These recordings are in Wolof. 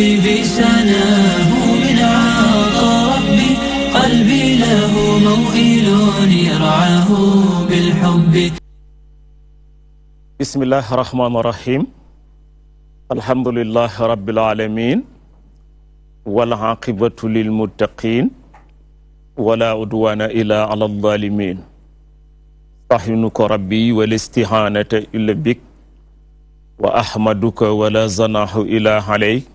حبيبي سناه من عطاء ربي قلبي له موئل يرعاه بالحب بسم الله الرحمن الرحيم الحمد لله رب العالمين والعاقبة للمتقين ولا عدوان إلا على الظالمين استعينك ربي والاستهانة إلا بك وأحمدك ولا زناح إلا عليك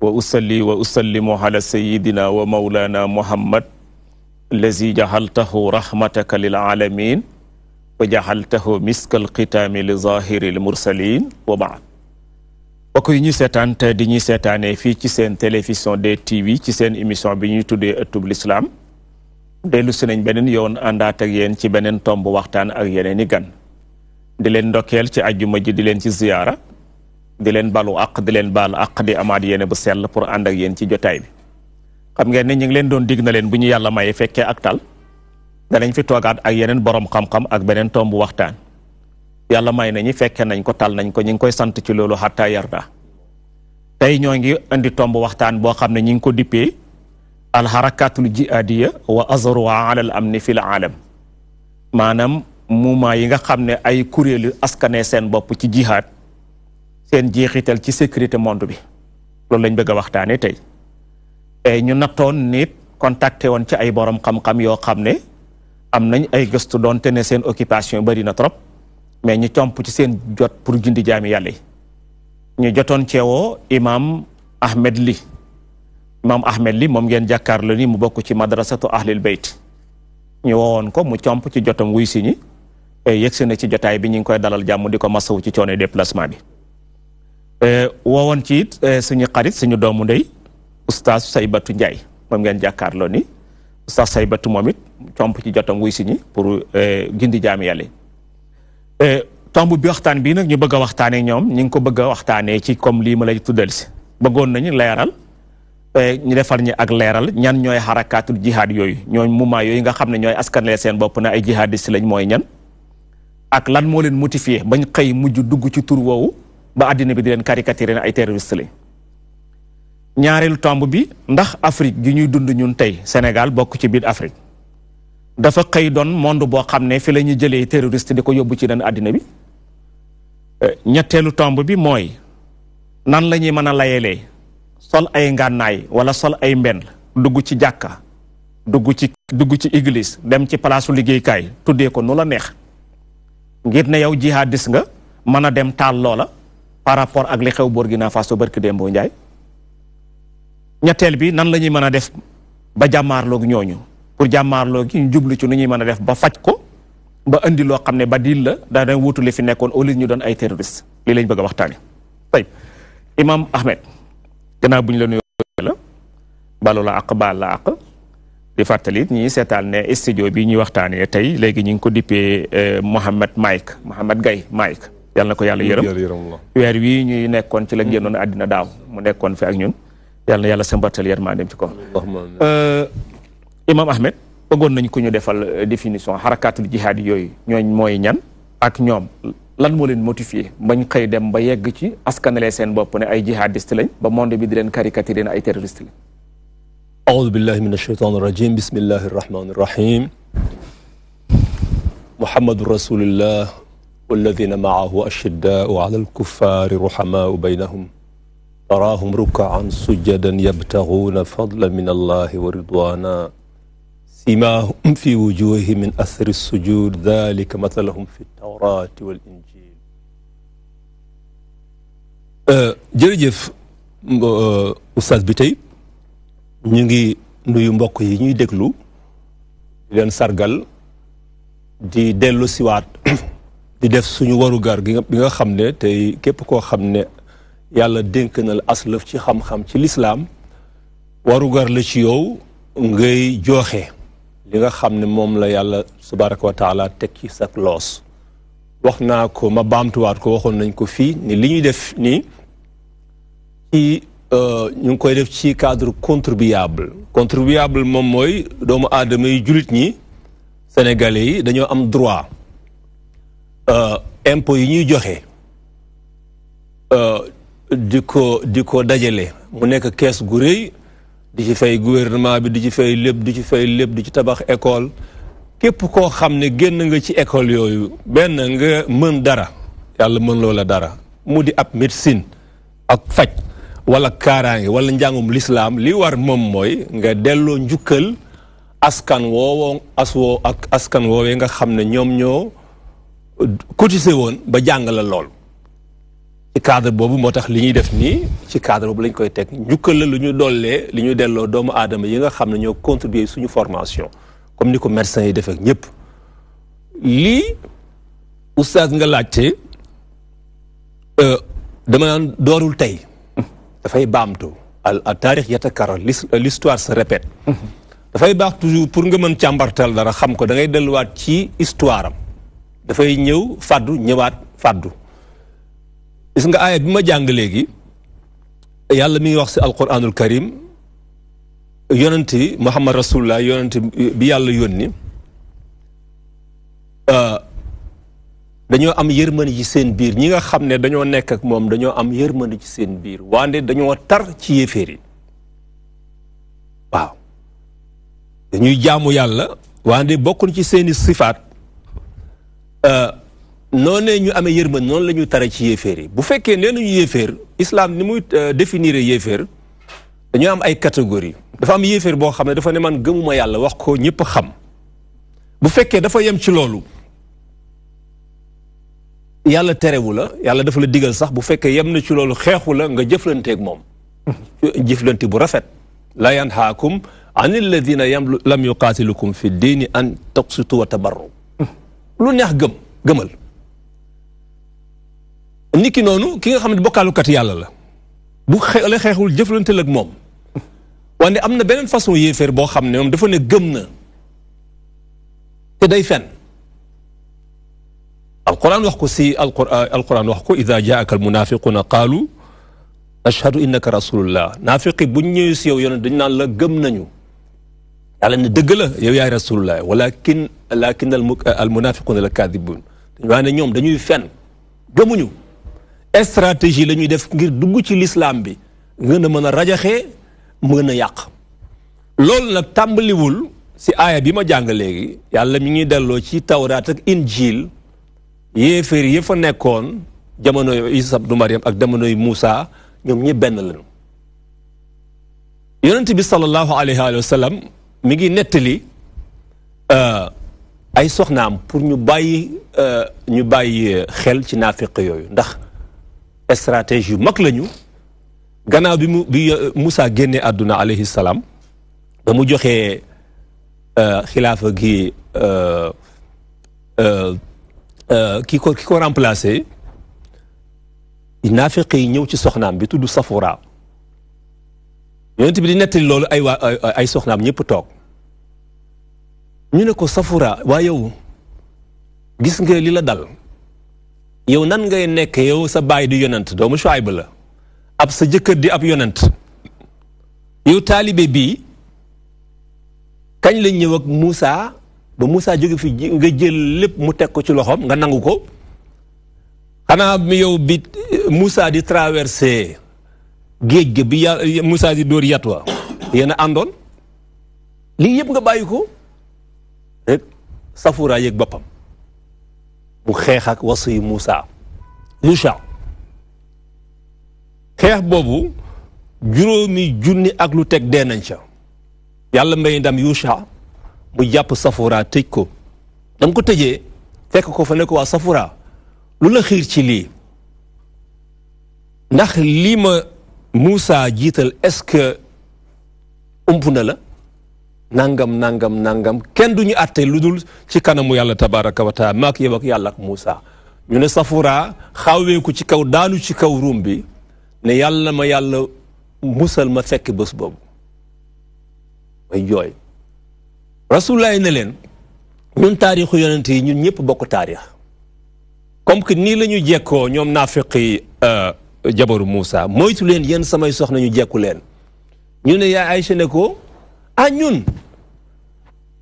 وأصلي وأسلم على سيدنا ومولانا محمد الذي جعلته رحمتك للعالمين وجعلته مسك الختام لظاهر المرسلين وبعد mbokk yi ñuy seetaan te di ñuy seetaanee fii ci seen télévision DTV ci seen émission bi ñuy tuddee ëttub lislaam dellu si nañ beneen yoon àndaat ak yéen ci beneen tomb waxtaan ak yeneen i gan di leen ndokkeel ci àjjuma ji di leen ci ziyaara di len balu ak di len baalu ak di amad yene bu sel pour and ak yéen ci jotay bi xam ngeen ni ñu ngi leen doon dig na leen bu ñu yalla maye fekke ak tal danañ fi togaat ak yenen borom xam-xam ak benen tombu waxtaan yalla may nañu fekke nañ ko tal nañ ko ñu ngi koy sant ci lolu hatta yarda tay ñoo ngi andi tombu waxtaan bo xamne ne ngi ko dippee alxarakatul wa azru ala al amni fil alam manam mu mouvement yi nga xamne ay kureel askane sen bop ci jihad seen jeexital ci sécurité monde bi loolu lañ bëgg a waxtaanee tey ñu nattoon nit contacté woon ci ay borom xam yoo xam ne am nañ ay gëstu doonte ne seen occupation bari na trop mais ñu comp ci seen jot pour gindi jaami yàlla ñu jotoon ceewoo imam Ahmed Ly imam Ahmed Ly moom ngeen jàkkaarloo ni mu bokk ci madrasatu ahlil bayt ñu woowoon ko mu comp ci jotam wuy si ñi yegsi na ci jotaay bi ñu ngi koy dalal jàmm di ko masawu ci coono déplacement bi. wawon ci it suñu xarit suñu doomu ndey oustaz Saybatu ndjay mom ngeen jàkkaarloo ni oustaz Saybatu momit tomp ci jotam wuy suñu pour eh, gindi jaami euh tomb bi waxtaan bi nak ñu bëgg a ñom ñi ngi ko bëgg a ci comme li ma lay tuddel si bëggoon nañu euh ñu defal ñi ak leral ñan ñoy harakatul jihad yoy ñoy mouma yoy nga xamne ñoy askan le seen bop na ay jihadist lañ moy ñan ak lan mo leen motivé bañ xey muju dugg ci tour wowo ba àddina bi di leen caricature ne ay terroriste lañ ñaareelu tomb bi ndax Afrique gi ñuy dund ñun tey Sénégal bokk ci biir Afrique dafa xëy doon monde boo xam ne fi la ñuy jëlee terroriste di ko yóbbu ci leen àddina bi euh, ñetteelu tomb bi mooy nan lañuy ñuy mën a layelee sol ay ngànnaay wala sol ay mbenn dugg ci jàkka dugg ci dugg ci église dem ci palaasu liggéeykaay tuddee ko nu la neex ngir ne yow jihadis nga mën a dem taal loola par rapport ak li xew Burkina Faso barki Dembo Ndiaye ñetteel bi nan la ñuy mën a def ba jàmmaarloog ñooñu pour jàmmaarloog ñu jublu ci nu ñuy mën a def ba faj ko ba indi loo xam ne ba diil la daa dañ wutule fi nekkoon au ñu doon ay terroriste li lañ bëgg a waxtaane tey Imam Ahmed gannaaw bu la nuyoo la balu la àq baal la àq di fàttali it ñi seetaan ne studio bi ñuy waxtaanee tey léegi ñu ngi ko dippee euh, Mouhamed Mike Mouhamed gay Mike yàlla na ko yàlla yërëm weer wii ñuy nekkoon ci la génnoon àddina daaw mu nekkoon fi ak ñun yàlla na yàlla sambatal yërmandeem ci ko euh, imam ahmed bëggoon nañ ko ñu defal euh, définition xarakaatul jihaad yooyu ñooñ mooy ñan ak ñoom lan moo leen motivé bañ xëy dem ba yegg ci askanale seen bopp ne ay jihadiste lañ ba monde bi di leen caricaturé ne ay terroriste lañ أعوذ بالله من الشيطان الرجيم بسم الله والذين معه أشداء على الكفار رحماء بينهم تراهم ركعا سجدا يبتغون فضلا من الله ورضوانا سيماهم في وجوههم من أثر السجود ذلك مثلهم في التوراة والإنجيل أه، جرجف أه، أستاذ بيتي نيجي ñu ngi nuyu mbokk yi ñuy déglu di leen di def suñu warugar bi nga xam ne tey képp koo xam ne yàlla dénk na la aslëf ci xam-xam ci lislaam warugar la ci yow ngay jooxe li nga xam ne moom la yàlla subaraka wa taala teg ci sa loos wax naa ko ma baamtuwaat ko waxoon nañ ko fii ni li ñuy def nii ci euh, ñu ngi koy def ci cadre contribuable contribuable moom mooy doomu aadama yi jullit ñi sénégalais yi dañoo am droit Euh, impôts yi ñuy joxe euh, di ko di ko dajale mu nekk kees gu rëy di ci fay gouvernement bi di ci fay lépp di ci fay lépp di ci tabax école képp koo xam ne génn nga ci école yooyu benn nga mën dara yàlla mën loola dara mu di ab médecine ak faj wala kaaraange wala njàngum lislaam li war moom mooy nga delloo njukkal askan woowoo ak askan woowee nga xam ne ñoom ñoo cotisé woon ba jàng la lool ci cadre boobu moo tax li ñuy def nii ci cadre boobu lañ koy teg njukkal la lu ñu dollee li ñu delloo doomu aadama yi nga xam ne ñoo contribuer suñu formation comme ni ko médecins yi defee ñëpp lii oustaz nga laajte euh, dama naan doorul tey dafay baamtu al taarix yatakarar l'histoire se répète mm-hmm. dafay baax toujours pour nga mën càmbartal dara xam ko dangay delluwaat ci histoire dafay ñëw fàddu ñëwaat fàddu gis nga aaya bi ma jàng léegi yàlla mi ngi wax si alquranul karim yonent yi muhammad rasulullah yonent bi yàlla yónni euh, dañoo am yërmande ci seen biir ñi nga xam ne dañoo nekk ak moom dañoo am yërmande ci seen biir wande dañoo tar ci yéeféer yi waaw dañuy jaamu yàlla wande bokkul ci seeni sifaat Euh, noonee ñu amee yërmande noonu la ñuy tare ci yéeféer yi bu fekkee nee nañu yéeféer islam ni muy euh, définir yéeféer dañoo am ay catégorie dafa am yéeféer boo xam ne dafa ne man gëmuma yàlla wax ko ñëpp xam bu fekkee dafa yem ci loolu yàlla terewu la yàlla dafa la diggal sax bu fekkee yem na ci loolu xeexu la nga jëflanteeg moom jëflante bu rafet la yanhaakum an alladina lam yuqaatilukum fi diini an taqsutu wa tabarru lu neex gëm gëmal niki noonu ki nga xam ne bokkaalukat yàlla la bu xeexul xeexul jëflanteel ak moom wante am na beneen façon yéeféer boo xam ne moom dafa ne gëm na te day fen alquran wax ko si alquran alquran wax ko ida jaaka almunafiquna qaalu ashhadu innaka rasulullah naafiqi buñ ñëwee si yow yonent dañ naan la gëm nañu على يعني ان دغله يا رسول الله ولكن لكن المنافقون الكاذبون وانا يعني نيوم دانيو فن غمونيو استراتيجي لا نيو ديف غير دغو سي الاسلام بي غن من راجخه من ياق لول لا تامبلي وول سي آية بما جانغ لغي يالا ميغي دلو سي تورات اك انجيل يفر يفا نيكون جامونو عيسى بن مريم اك دمونو موسى نيوم ني بن لن يونتي بي صلى الله عليه وسلم mi ngi nettali euh, ay soxnaam pour ñu bàyyi euh, ñu bàyyi xel ci naafiq yooyu ndax stratégie yu mag lañu gannaaw bi mu bi euh, Moussa génnee àdduna alayhi salaam ba mu joxee xilaafa gi ki ko ki ko remplacé naafiq yi ñëw ci soxnaam bi tudd Safura yonent bi di nettali loolu ay ay soxnaam ñëpp toog ñu ne ko safura waa yow gis nga li la dal yow nan ngay nekk yow sa baay di yonent doomu ba la ab sa jëkkër di ab yonent yow taalibe bii kañ la ñëw ak Moussa ba musaa jóge fi nga jël lépp mu teg ko ci loxoom nga nangu ko xanaa yow bi Moussa di traversé géej gi bi ya Moussa di dóor yat wa yéen àndoon lii yëpp nga bàyyi ko rek safuraa yëg boppam bu xeex ak wasi musa Moussa xeex boobu juróomi junni ak lu teg dee nañ ca yàlla may ndam Yuusa mu jàpp safura tëj ko dam ko tëjee fekk ko fa ne ko waa safura lu la xiir ci lii ndax lii ma Moussa est-ce que ump la nangam nangam nangam kenn du ñu àtte lu dul ci kanamu yàlla tabaraka wa taala maak yow ak yàlla ak ñu ne Safura xawee ko ci kaw daanu ci kaw ruum bi ne yàlla ma yàlla musal ma fekk bés boobu may jooy rasulullahi ne leen ñun taarixu yonent yi ñun ñëpp bokk taarix comme que nii la ñu jekkoo ñoom naafiqi euh, jabaru Moussa moytu leen yéen samay soxna ñu jekku leen ñu ne yaa ne ko أنيون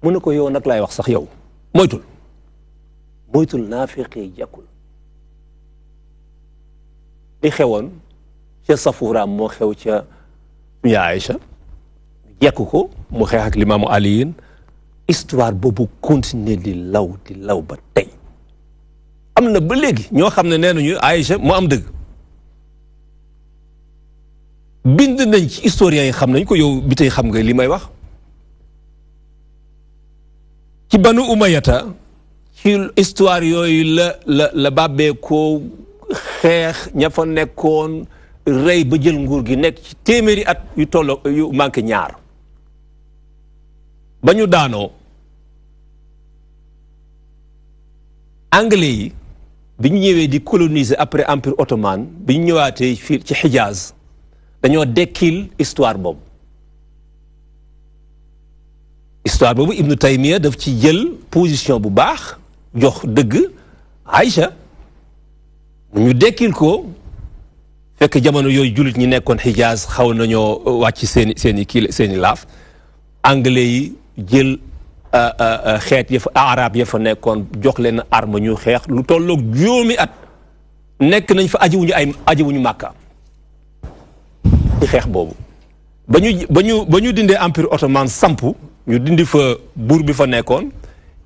منكو يو نك لا يوخ يو مويتول مويتول نافقي ياكل لي خيوون يا صفورا مو خيو يا عائشة ياكوكو مو خي حق الإمام علي استوار بوبو كونتيني دي لاو دي لاو با تاي امنا بليغي ньо خامن نينو ني عائشة مو ام دغ بيند نانجي استوريان خامن نكو يو بيتاي خامغا لي ماي واخ ci banu umayata ci histoire yooyu la la la bàbbeekoo xeex ña nekkoon rey ba jël nguur gi nekk ci téeméeri at yu tollo yu manqué ñaar bañu daanoo anglais yi bi ñu ñëwee di coloniser après empire ottoman bi ñu ñëwaatee fii ci Hijaz dañoo dekkil histoire boobu histoire boobu ibnu taymiya daf ci jël position bu baax jox dëgg Aïcha ñu dekkil ko fekk jamono yooyu jullit ñi nekkoon xijaas xaw nañoo wàcc seen i seen i kii seen laaf anglais yi jël euh, euh, euh, xeet ya fa arab ya fa nekkoon jox leen arme ñu xeex lu tolloog juróomi at nekk nañ fa ajiwuñu ay ajiwuñu màkka ci xeex boobu ba ñu ba ñu ba ñu dindee empire ottoman sampu ñu dindi fa buur bi fa nekkoon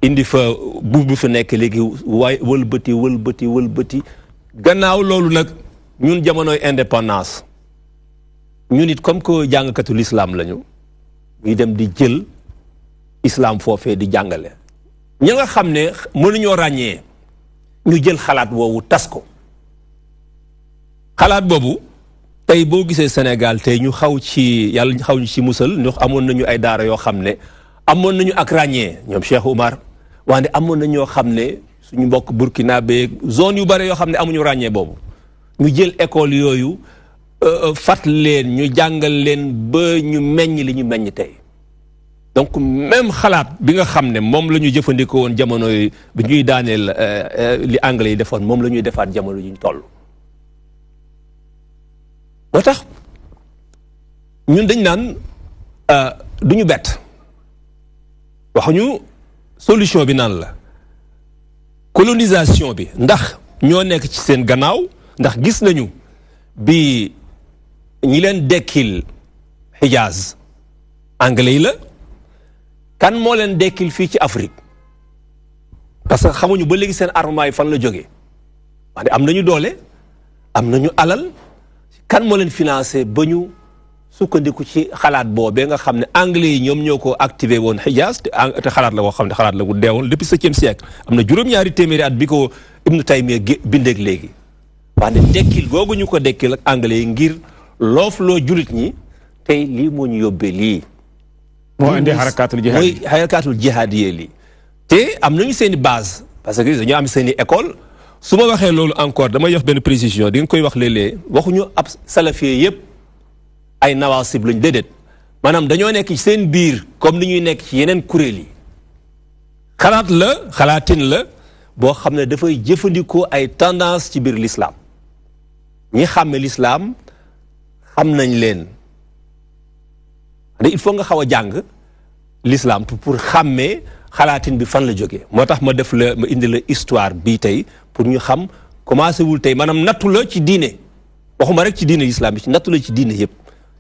indi fa buur bi fa nekk léegi waay wëlbati wëlbati wëlbati gannaaw loolu nag ñun jamonoy indépendance ñu nit comme que jàngkatu lislaam lañu ñu dem di jël islaam foofee di jàngale ña nga xam ne mënuñoo ràññee ñu jël xalaat woowu tas ko xalaat boobu tey boo gisee Sénégal tey ñu xaw ci yàlla ñu xaw ci musal ñu amoon nañu ay daara yoo xam ne amoon nañu ak ràññee ñoom Cheikh Oumar wante amoon na ñoo xam ne suñu mbokk Burkina beeg zone yu bare yoo xam ne amuñu ràññee boobu ñu jël école yooyu euh, euh, fat leen ñu jàngal leen ba ñu meññ li ñu meññ tey donc même xalaat bi nga xam ne moom la ñu jëfandikoo woon jamono yi bi ñuy daaneel euh, li anglais yi defoon moom la ñuy defaat jamono yi ñu toll. moo tax ñun dañ naan euh, du ñu bett waxuñu solution bi naan la colonisation bi ndax ñoo nekk ci seen gannaaw ndax gis nañu bi ñi leen dekkil xijaaz anglais yi la kan moo leen dekkil fii ci Afrique parce que xamuñu ba léegi seen armement yi fan la jóge wax am nañu doole am nañu alal kan moo leen financé ba ñu sukkandiku ci xalaat boobee nga xam ne anglais yi ñoom ñoo ko activé woon Hijaz te te xalaat la boo xam ne xalaat la bu deewoon depuis septième siècle am na juróom-ñaari téeméeri at bi ko Ibnu Taymiya bindeeg léegi. wax ne dekkil googu ñu ko dekkil ak anglais yi ngir loo julit ñi tey lii moo ñu yóbbee lii. moo indi harakaatul jihaad mooy harakaatul jihaad yee lii. te am nañu seen i base parce que dañoo am seen i école. su ma waxee loolu encore damay yox benn présision di nga koy wax léeg-léeg waxuñu ab salafie yëpp ay nawaasib lañ déedéet maanaam dañoo nekk ci seen biir comme li ñuy nekk ci yeneen kuréel yi xalaat la xalaatin la boo xam ne dafay jëfandikoo ay tendance ci biir lislaam ñi xàmme lislaam xam nañ leen il faut nga xaw a jàng lislaam pour xàmmee xalaatin bi fan la jógee moo tax ma def la ma indi la histoire bii tey pour ñu xam commencé wul tey maanaam nattu la ci diine waxu ma rek ci diine islam bi ci nattu la ci diine yëpp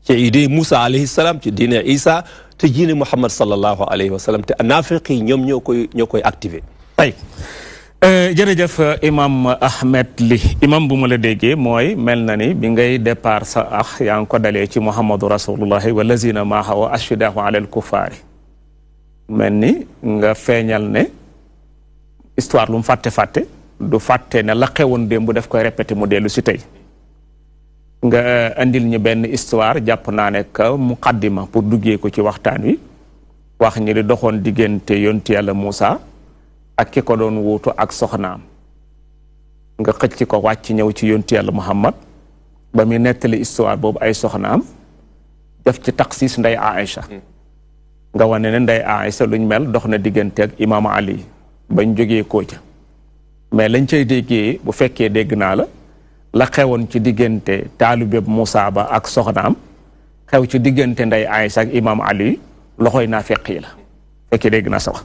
ci diine Moussa alayhi salaam ci diine Isa te diine Muhammad sallallahu alayhi wa sallam te naafiq yi ñoom ñoo koy ñoo koy activé tey euh, jërëjëf imam Ahmed li imam bu ma la déggee mooy mel na ni bi ngay départ sa ah yaa ngi ko dalee ci Muhammadu rasulullahi wa lazina maaha wa ashidahu ala al kufaari mel ni nga feeñal ne histoire lum mu fàtte-fàtte du fàtte ne la xewoon démb daf koy répété mu dellu si tey nga indil ñu benn histoire jàpp naa ne que muqaddima pour duggee ko ci waxtaan wi wax ñi di doxoon diggante yonti yàlla Moussa ak ki ko doon wuutu ak soxnaam nga xëcc ko wàcc ñëw ci yonti yàlla Muhammad ba muy nettali histoire boobu ay soxnaam def ci taxis ndey Aïcha hmm. nga wane ne nday Aïssa luñ mel dox na diggante ak imaam Ali bañ jógee koo ca mais lañ cay déggee bu fekkee dégg naa la la ci diggante taalibeb Moussa ba ak soxnaam xew ci diggante ndey Aïssa ak imam Ali loxoy naa feq yi la fekkee dégg naa sax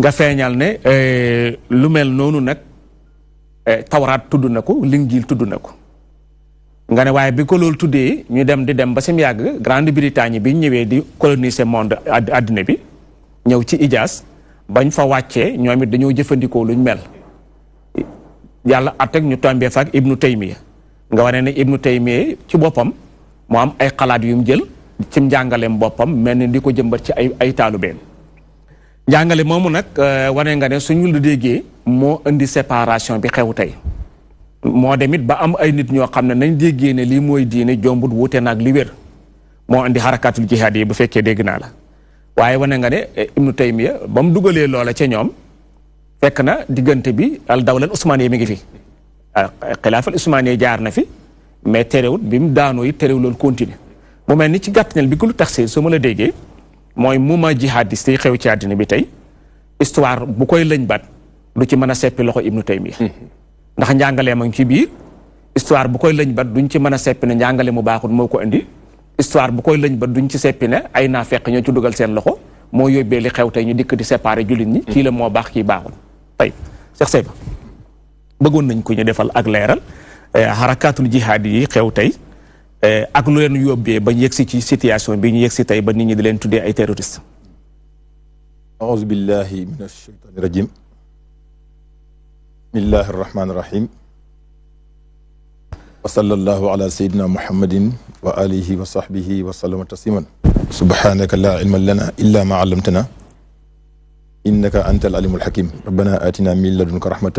nga feeñal ne eh, lu mel noonu nag eh, tawraat tudd na ko linjiil tudd na ko nga ne waaye bi ko loolu tuddee ñu dem di dem ba sim yàgg Grande-Bretagne bi ñëwee di coloniser monde àddina bi ñëw ci Ijaas bañ fa wàccee ñoom it dañoo jëfandikoo luñ mel yàlla at ñu tombee fa ak Ibnu Taymiya nga wane ne Ibnu Taymiya ci boppam mu am ay xalaat yu jël ci njàngaleem boppam mel na di ko jëmbat ci ay ay taalubeen njàngale moomu nag euh, wane nga ne suñu lu déggee moo indi séparation bi xew tey moo demit ba am ay nit ñoo xam ne nañ déggee ne lii mooy diine jombut wuute naag li moo indi xarakaatul jihaad yi bu fekkee dégg naa la waaye wane nga ne e, ibnu taymiya ba mu dugalee loola ce ñoom fekk na diggante bi al dawlal usmaaniya mi ngi fi ah, xilaafal usmaaniya jaar na fi mais terewut bi mu daanoo it terewul loolu continue mu mel ni ci gàttinel bi ko lu tax su ma la déggee mooy mouvement jihadiste yi xew ci àddina bi tey histoire bu koy lëñ baat du ci mën a seppi loxo ibnu taymiya mm-hmm. ndax njàngalee ma ngi ci biir histoire bu koy lëñ bat duñ ci mën a seppi ne njàngale mu baaxul moo ko indi histoire bu koy lëñ bat duñ ci seppi ne ay naa fekk ñoo ci dugal seen loxo moo yóbbee li xew tey ñu dikk di séparé jullit ñi kii la moo baax ki baaxul tey Cheikh Seyba bëggoon nañ ko ñu defal ak leeral eh, harakaatul jihaad yi xew tey eh, ak lu leen yóbbee ba ñu yegsi ci situation bi ñu yegsi tey ba nit ñi di leen tuddee ay terroriste aouzu billahi min acheytaani rajim بسم الله الرحمن الرحيم وصلى الله على سيدنا محمد وآله وصحبه وسلم تسليما سبحانك لا علم لنا إلا ما علمتنا إنك أنت العليم الحكيم ربنا آتنا من لدنك رحمة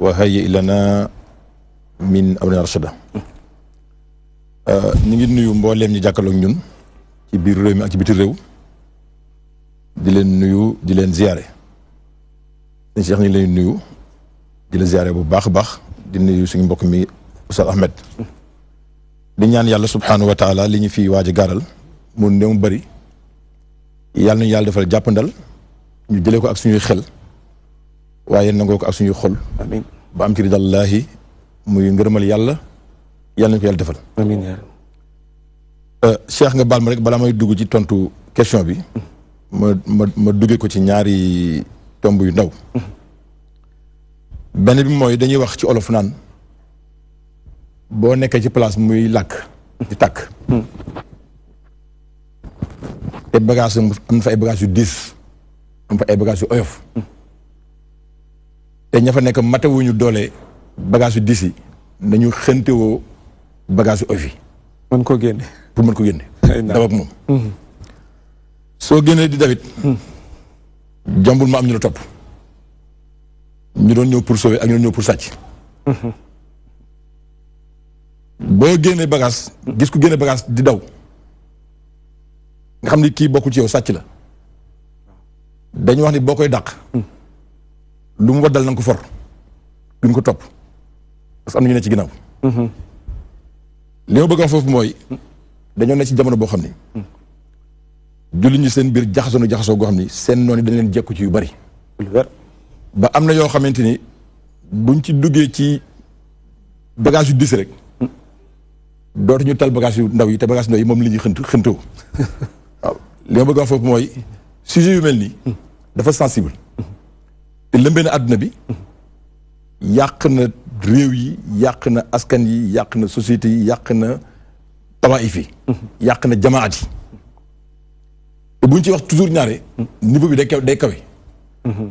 وهيئ لنا من amrina رشدا نجد نيو nuyu mbooleem ñi jàkkaarloog ñun بير biir réew mi ak ci نيو réew di leen nuyu di di la ziare bu baax a baax di nuyu suñu mbokk mi oustad Ahmed di ñaan yàlla subhanahu wa taala li ñu fi waji garal mu néew bari yàlla ñu yàlla defal jàppandal ñu jëlé ko ak suñu xel waye nango ko ak suñu xol. amin ba am ci ridallaahi muy ngërëmal yàlla yàlla ñu ko yàlla defal. euh Cheikh nga baal ma rek bala may dugg ci tontu question bi. ma ma ma ko ci ñaari tombu yu ndaw. benn bi mooy dañuy wax ci olof naan boo nekkee ci place muy làkk di tàkk te bagage yu diis am fa ay bagage yu oyof hmm. te ña fa nekk matewuñu doole bagage yu diis yi nañu xëntewoo bagage yu oyof yi mën koo génne pour mën ko génne daw ak moom hmm. soo génnee di dawit hmm. jambul ma am ñu la topp ñu doon ñëw pour sauver ak ñu doon ñëw pour sàcc. boo génnee bagage gis ku génne bagage di daw nga xam ni kii bokku ci yow sàcc la dañu wax ni boo koy dàq. lu mu waddal na nga ko for duñ ko topp parce que am na ñu ne ci ginnaaw. li ma bëgg a foofu mooy dañoo ne ci jamono boo xam ni. julli ñu seen biir jaxasoo na jaxasoo goo xam ni seen noon yi dañ leen jekku ci yu bari. ba am na yoo xamante ni buñ ci duggee ci bagage yu dis rek dootuñu tal bagage yu ndaw yi te bagage ndaw yi moom li ñuy xënt xëntoo li ma bëgg foofu mooy sujet yu mel nii dafa sensible te lëmbee na àdduna bi yàq na réew yi yàq na askan yi yàq na société yi yàq na tawaayif yi yàq na jamaat yi bu buñ ci wax toujours ñaare niveau bi day kaw day kawe mm-hmm.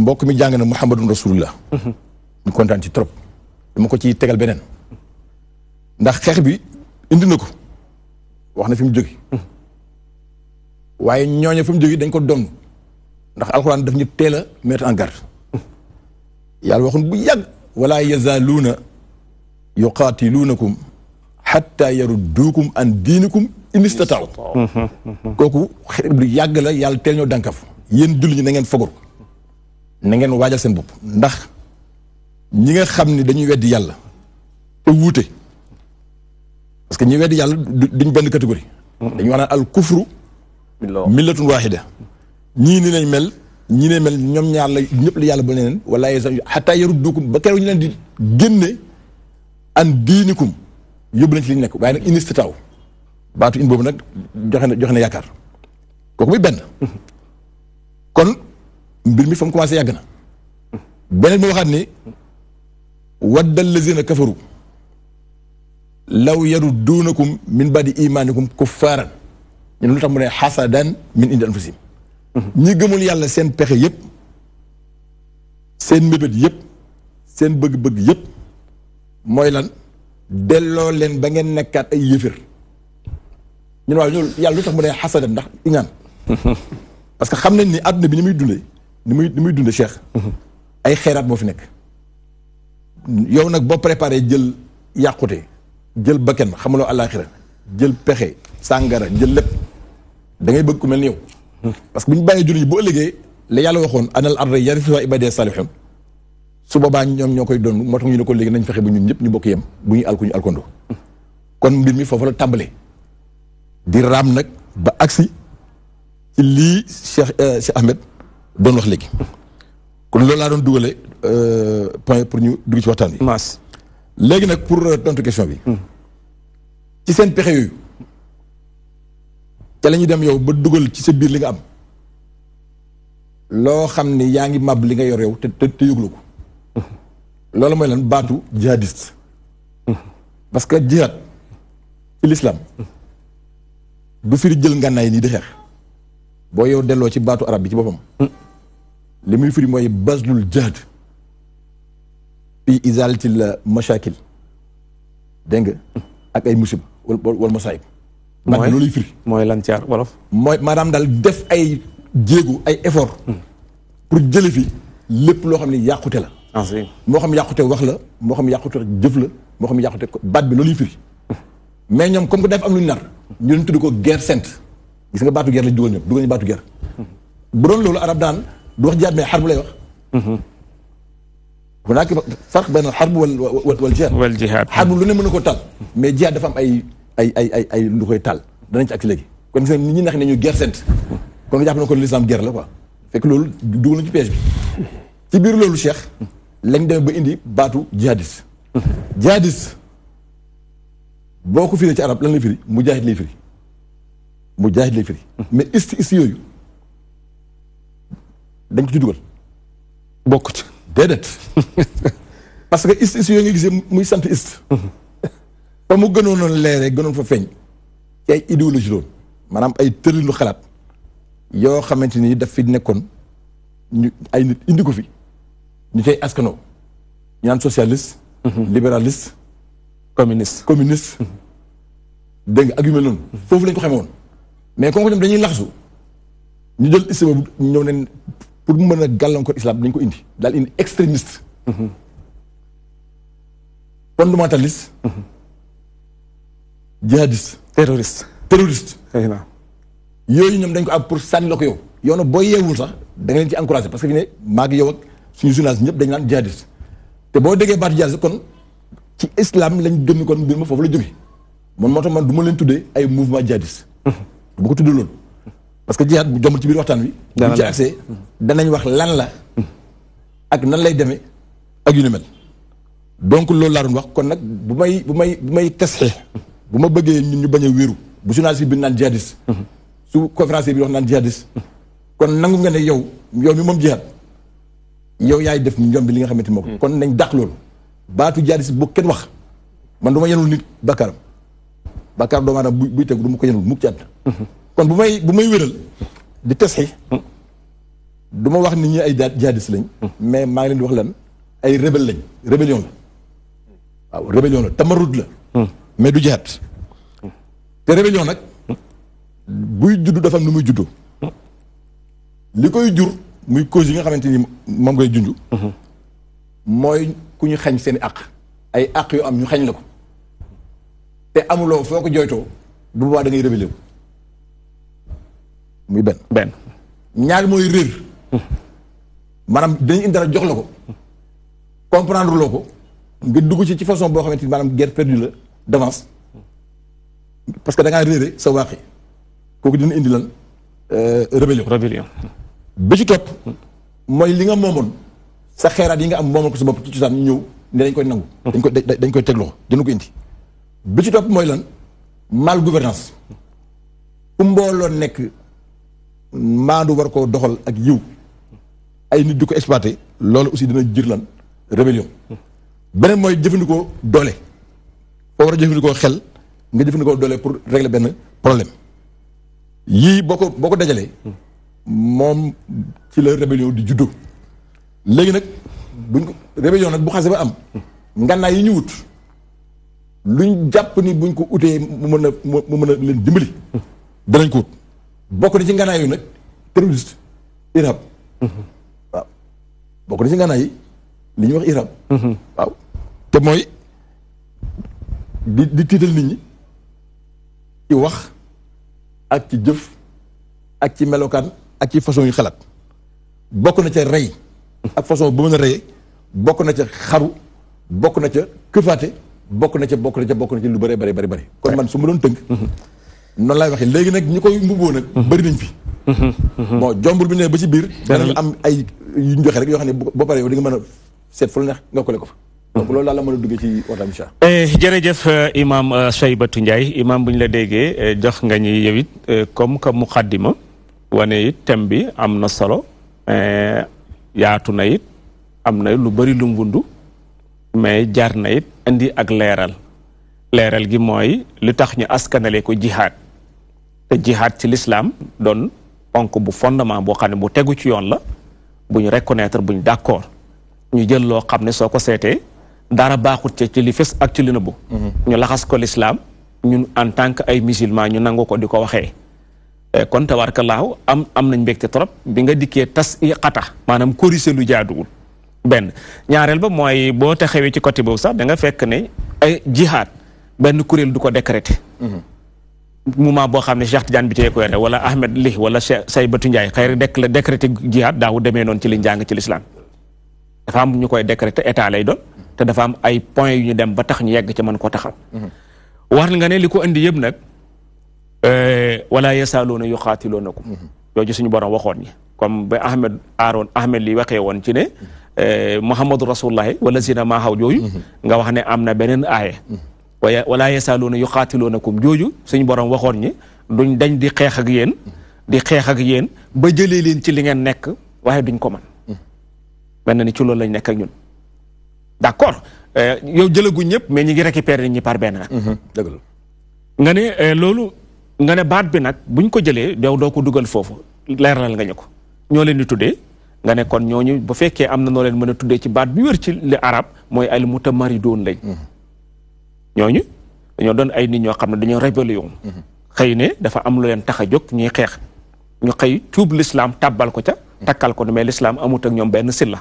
mbok mi jàng Muhammadun Rasulullah ni contane ci trop dama ko ci tegal benen ndax xex bi indi nako waxna wax jóge waye ñoña fi jóge dañ ko don ndax alcorane daf ñu téla mettre en garde yàlla waxun bu yag wala yazaluna yuqaatiluunakum hatta yarudduukum an dinikum in istata'u koku xeex bi lu yàgg la yàlla tel ñu dànkaf yéen dul ñu na ngeen fagaru na ngeen waajal seen bopp ndax ñi nga xam ne dañuy weddi yàlla te wuute parce que ñi weddi yàlla duñ benn catégorie dañu wax naan al kufru millatun waahida ñii ni lañ mel ñii ne mel ñoom ñaar la ñëpp la yàlla ba leneen wala y xataa yaruddukum ba keroog ñu leen di génne an diinikum yóbbu lañ ci liñ nekk waaye nag iniste taw baatu in boobu nag joxe na joxe na yaakaar kooku muy benn kon mbir mi fam commencé yagna benen mo waxat ni waddal lazina kafaru law yarudduunakum min badi imanikum kuffaaran ñun lu tax mu ne xasadan min indi anfusihim ñi gëmul yàlla seen pexe yëpp seen mébét yëpp seen bëgg-bëgg yëpp moy lan delo len ba ngeen nekkaat ay yëfër ñun waaw ñu yàlla lu tax mu ne xasadan ndax iñaan parce que xam nañ ni aduna bi ni muy dundee ni muy ni muy dund Cheikh. ay xeeraat moo fi nekk. yow nag boo préparé jël yàqute jël bakken xamaloo àllaaxira jël pexe sàngara jël lépp da ngay bëgg ku mel ni yow. parce que bu ñu bàyyee jur yi bu ëllëgee la yàlla waxoon anal arda yarisuha ibadiya salihun su boobaa ñoom ñoo koy doon moo tax ñu ne ko léegi nañ fexe ba ñun ñëpp ñu bokk yem bu ñuy alku ñu alkondo kon mbir mi foofu la tàmbalee di raam nag ba agsi ci lii Cheikh Cheikh Ahmed. doon wax léegi kon loolu laa doon dugale euh, point pour ñu dugg ci waxtaan bi léegi nag pour euh, tontu hmm. ci seen pexe yooyu ca lañuy dem yow ba dugal ci sa biir li nga am loo xam ne yaa ngi màbb li nga yor yow te te yëglu ko loolu mooy lan baatu jihadiste parce que jihad ci l'islam du firi jël ngànnaay nii di xeex boo yow delloo ci baatu arab bi ci boppam hmm. li muy firi mooy baslul jahd fii isalatil mashakil dégg nga hmm. ak ay musiba wal masaayib mooy looluy firi mooy lan caar wolof mooy maanaam daal def ay jéego ay effort hmm. pour jële fi lépp loo xam ne yàqute la ah, moo xam yàqute wax la moo xam yàqute jëf la moo xam yàqute baat bi looluy firi mais ñoom comme que def am lu ñu nar ñu leen tudd ko guerre sainte gis nga baatu ger lañ dugal ñoom dugal ñu baatu ger bu doon loolu arab daan du wax jihaad mais xarbu lay wax hunaaka farq bayna xarbu wal jihaad wal jihaad xarbu lu ne mën na koo taal mais jihaad dafa am ay ay ay ay ay lu koy taal danañ ci ak si léegi kon gis nga nit ñi nax ne ñu ger sent kon nga jàpp na kon ger la quoi fekk loolu dugal nañ ci piège bi ci biir loolu cheikh lañ de ba indi baatu jihadiste jihadiste boo ko firee ci arab lan lay firi mu jaahit lay firi mujaahid lay firi mais isti isti yooyu dañ ci dugal bokk ci déedéet parce que ist ist yooyu nga gisee muy sant ist fa mu gënoon a leeree gënoon fa feeñ ci ay idéologie loon maanaam ay tërinu xalaat yoo xamante ni daf fi nekkoon ñu ay nit indi fi ñu cay askanoo ñu naan socialiste mhm. libéraliste communiste communist mhm. dégg nga ak yu mhm. foofu lañ ko xamee woon mais comme ñoom dañuy laxasu ñu jël islam ñëw ne pour mu mën a gàllankoor islam dañ ko indi daal indi extrémiste. fondamentaliste. jihadiste. terroriste terroriste. yooyu ñoom dañ ko pour sànni la ko yow. yow nag boo yeewul sax da nga ci encouragé parce que fi yow ak suñu journaliste ñëpp dañu naan te boo déggee baatu jihadiste kon ci islam lañ gëm kon mbir ma foofu la jóge man moo tax man du ma leen tuddee ay mouvement jihadiste. bu ko tuddaloon parce que jihaad bu jombal ci biir waxtaan wi. danañ ci accès hmm. danañ wax lan la. Hmm. ak nan lay demee ak yu ni mel. donc loolu laa doon wax kon nag bu bu may may tasxiix bu ma bëggee ñun ñu bañ a wéeru bu journaliste bi naan jihadiste. Hmm. su conférencier bi wax naan jihadiste. kon nangu nga ne yow yow mi moom jihaad yow yaay def njom bi li nga xamante ni moo kon nañ dàq loolu. baatu jihadiste bu kenn wax man du ma yenul nit bakkaaram bàkkaar doomu aadama buy tegu du ko yenul mukk ci àdduna kon bu may bu may wéral di tesxi du ma wax nit ñi ay jihadis lañ mais maa ngi leen di wax lan ay rébel lañ rébellion la waaw la tamarud la mais du jihaad te rébellion nag buy juddu dafa am nu muy juddoo li koy jur muy cause yi nga xamante ni moom ngay junj mooy ku ñu xañ seen àq ay àq yoo am ñu xañ la ko te amulo foko joyto bu ba da ngay rebelé muy ben ben ñaar moy rir manam dañu indi jox lako comprendre lako ko. nga dugg ci ci façon bo xamanteni manam guerre perdu la d'avance parce que da nga rir sa waxi koku dina indi lan euh, rébellion. rébellion bi ci top moy li nga momon sa xeeraat yi nga am momon ko sa bop ci cosaan ñëw ñew dañ koy nangu. Mm-hmm. dañ koy dañ koy teglo loxo ko indi. bi ci topp mooy lan mal gouvernance fu mbooloo nekk maandu war koo doxal ak yiw ay nit di ko exploité loolu aussi dina jir lan rébellion beneen mooy jëfandikoo doole foo war a jëfandikoo xel nga jëfandikoo doole pour régler benn problème yii boo ko boo ko dajalee moom ci la rébellion di juddoo léegi nag buñ ko rébellion nag bu xase ba am ngànnaay yi ñu wut luñ jàpp ni buñ ko utee mu mën a mu mën a leen dimbali. danañ ko ut bokk na ci nganaay yu nag terroriste irhab waaw bokk na ci nganaay yi li wax irhab waaw te mooy di di tiital nit ñi ci wax ak ci jëf ak ci melokaan ak ci façon yu xalaat bokk na ca rey ak façon bu mën a reyee bokk na ca xaru bokk na ca këfaate bokk na ca bokk na ca bokk na ca lu bëree bëri bëri bëri kon man su ma doon tënk mhm. noonu laa waxee léegi nag ñi koy mbubboo nag mhm. bëri nañ fi mhm. bon jombul bi ne ba ci biir danañ am ay yu ñu joxe yoo xam ne ba pare yow di nga mën a seet fu la neex nga kole ko fa donc loolu daal la mën a duggee ci waxtaan bi incha allah. Eh, jërëjëf euh, imaam Cheybatou euh, Ndiaye imaam bu ñu la déggee euh, jox nga ñuy yow it comme que muqaddima wane it thème bi am na solo eh, yaatu na it am na lu bëri lu mu wundu mais jaar na it andi ak leeral leeral gi mooy lu tax ñu askanale ko jihaad te jihaad ci lislaam doon ponk bu fondement boo xam bu tegu ci yoon la bu ñu reconnaître bu ñu d'accord ñu jël loo xam ne soo ko seetee dara baaxut ca ci li fes ak ci li nëbbu mm-hmm. ñu laxas ko lislaam ñun en tant que ay musulman ñu nangu ko di ko waxee eh, kon am am nañ mbégte trop bi nga dikkee tas i xata maanaam korise lu jaaduwul benn ñaareel ba mooy boo taxawee ci côté boobu sax da nga fekk ne ay benn kuréel du ko décréter. Mhm. moment boo xam ne Cheikh Tidiane bi tey ko yore wala Ahmed Li wala Saybatu Ndiaye xëy na décréter jihaad demee noonu ci li njàng ci lislaam dafa am ñu koy décréter état lay doon te dafa am ay point yu ñu dem ba tax ñu yegg ci mën ko taxaw. Mhm. wax nga ne li ko indi yëpp nag euh, wala yasaaluuna yuqaatiluunakum. Mhm. yooyu suñu borom waxoon ñi comme ba Ahmed Aaron Ahmed li waxee woon ci ne. Eh, muhammadu rasulullahi wala zina maahaw jooju mhm. nga wax ne am na beneen aaye waaye mhm. walaa yasaaluuna yuqaatiluunakum jooju suñ boroom waxoon ñi duñ dañ di xeex ak yéen mhm. di xeex ak yéen ba jëlee leen ci li ngeen nekk waaye duñ ko man mel na ci loolu lañ nekk ak ñun d'accord eh, yow jëlaguñ ñëpp mais ñi ngi récupérer nit ñi par benn nag nga ne eh, loolu nga ne baat bi nag buñ ko jëlee yow doo ko dugal foofu leeralal nga ñu ko ñoo leen di tuddee nga ne kon ñooñu bu fekkee am na noo leen mën a tuddee ci baat bi wér ci li arab mooy ay mutamaridoon lañ mhm. ñooñu dañoo doon ay nit ñoo xam ne dañoo rébellion mhm. xëy ne dafa am lu leen tax a jóg ñuy xeex ñu xëy cuub lislaam tàbbal ko ca mhm. takkal ko ne mais lislaam amut ak ñoom benn silla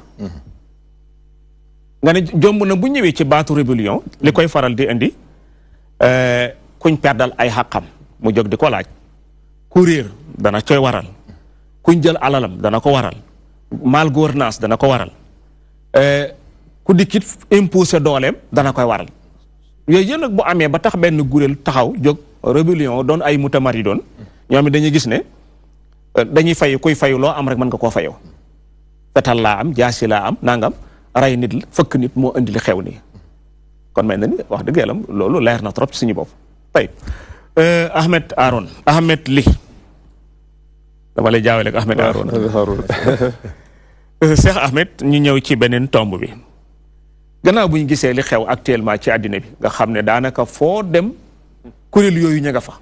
nga ne jomb na bu ñëwee ci baatu rébellion li koy faral di indi euh, kuñ perdal ay xàqam mu jog di ko laaj ku dana koy waral kuñ jël alalam dana ko waral mal gouvernance dana ko waral euh, ku dikkit imposé dooleem dana koy waral yooyu yëpp nag bu amee ba tax benn guréel taxaw jóg rébellion doon ay mutamari doon ñoom it dañuy gis ne euh, dañuy fay kuy fay loo am rek man nga koo fayoo fetal laa am jaasi laa am nangam rey nit fëkk nit moo indi li xew nii kon mel na ni wax dëgg yàlla loolu leer na trop suñu bopp tey euh, Ahmed Aaron Ahmed Li dama lay jaawale Ahmed Aaron Euh, Cheikh Ahmed ñu ñëw ci beneen tomb bi gannaaw bu ñu gisee li xew actuellement ci àddina bi nga xam ne daanaka foo dem kuréel yooyu ña nga fa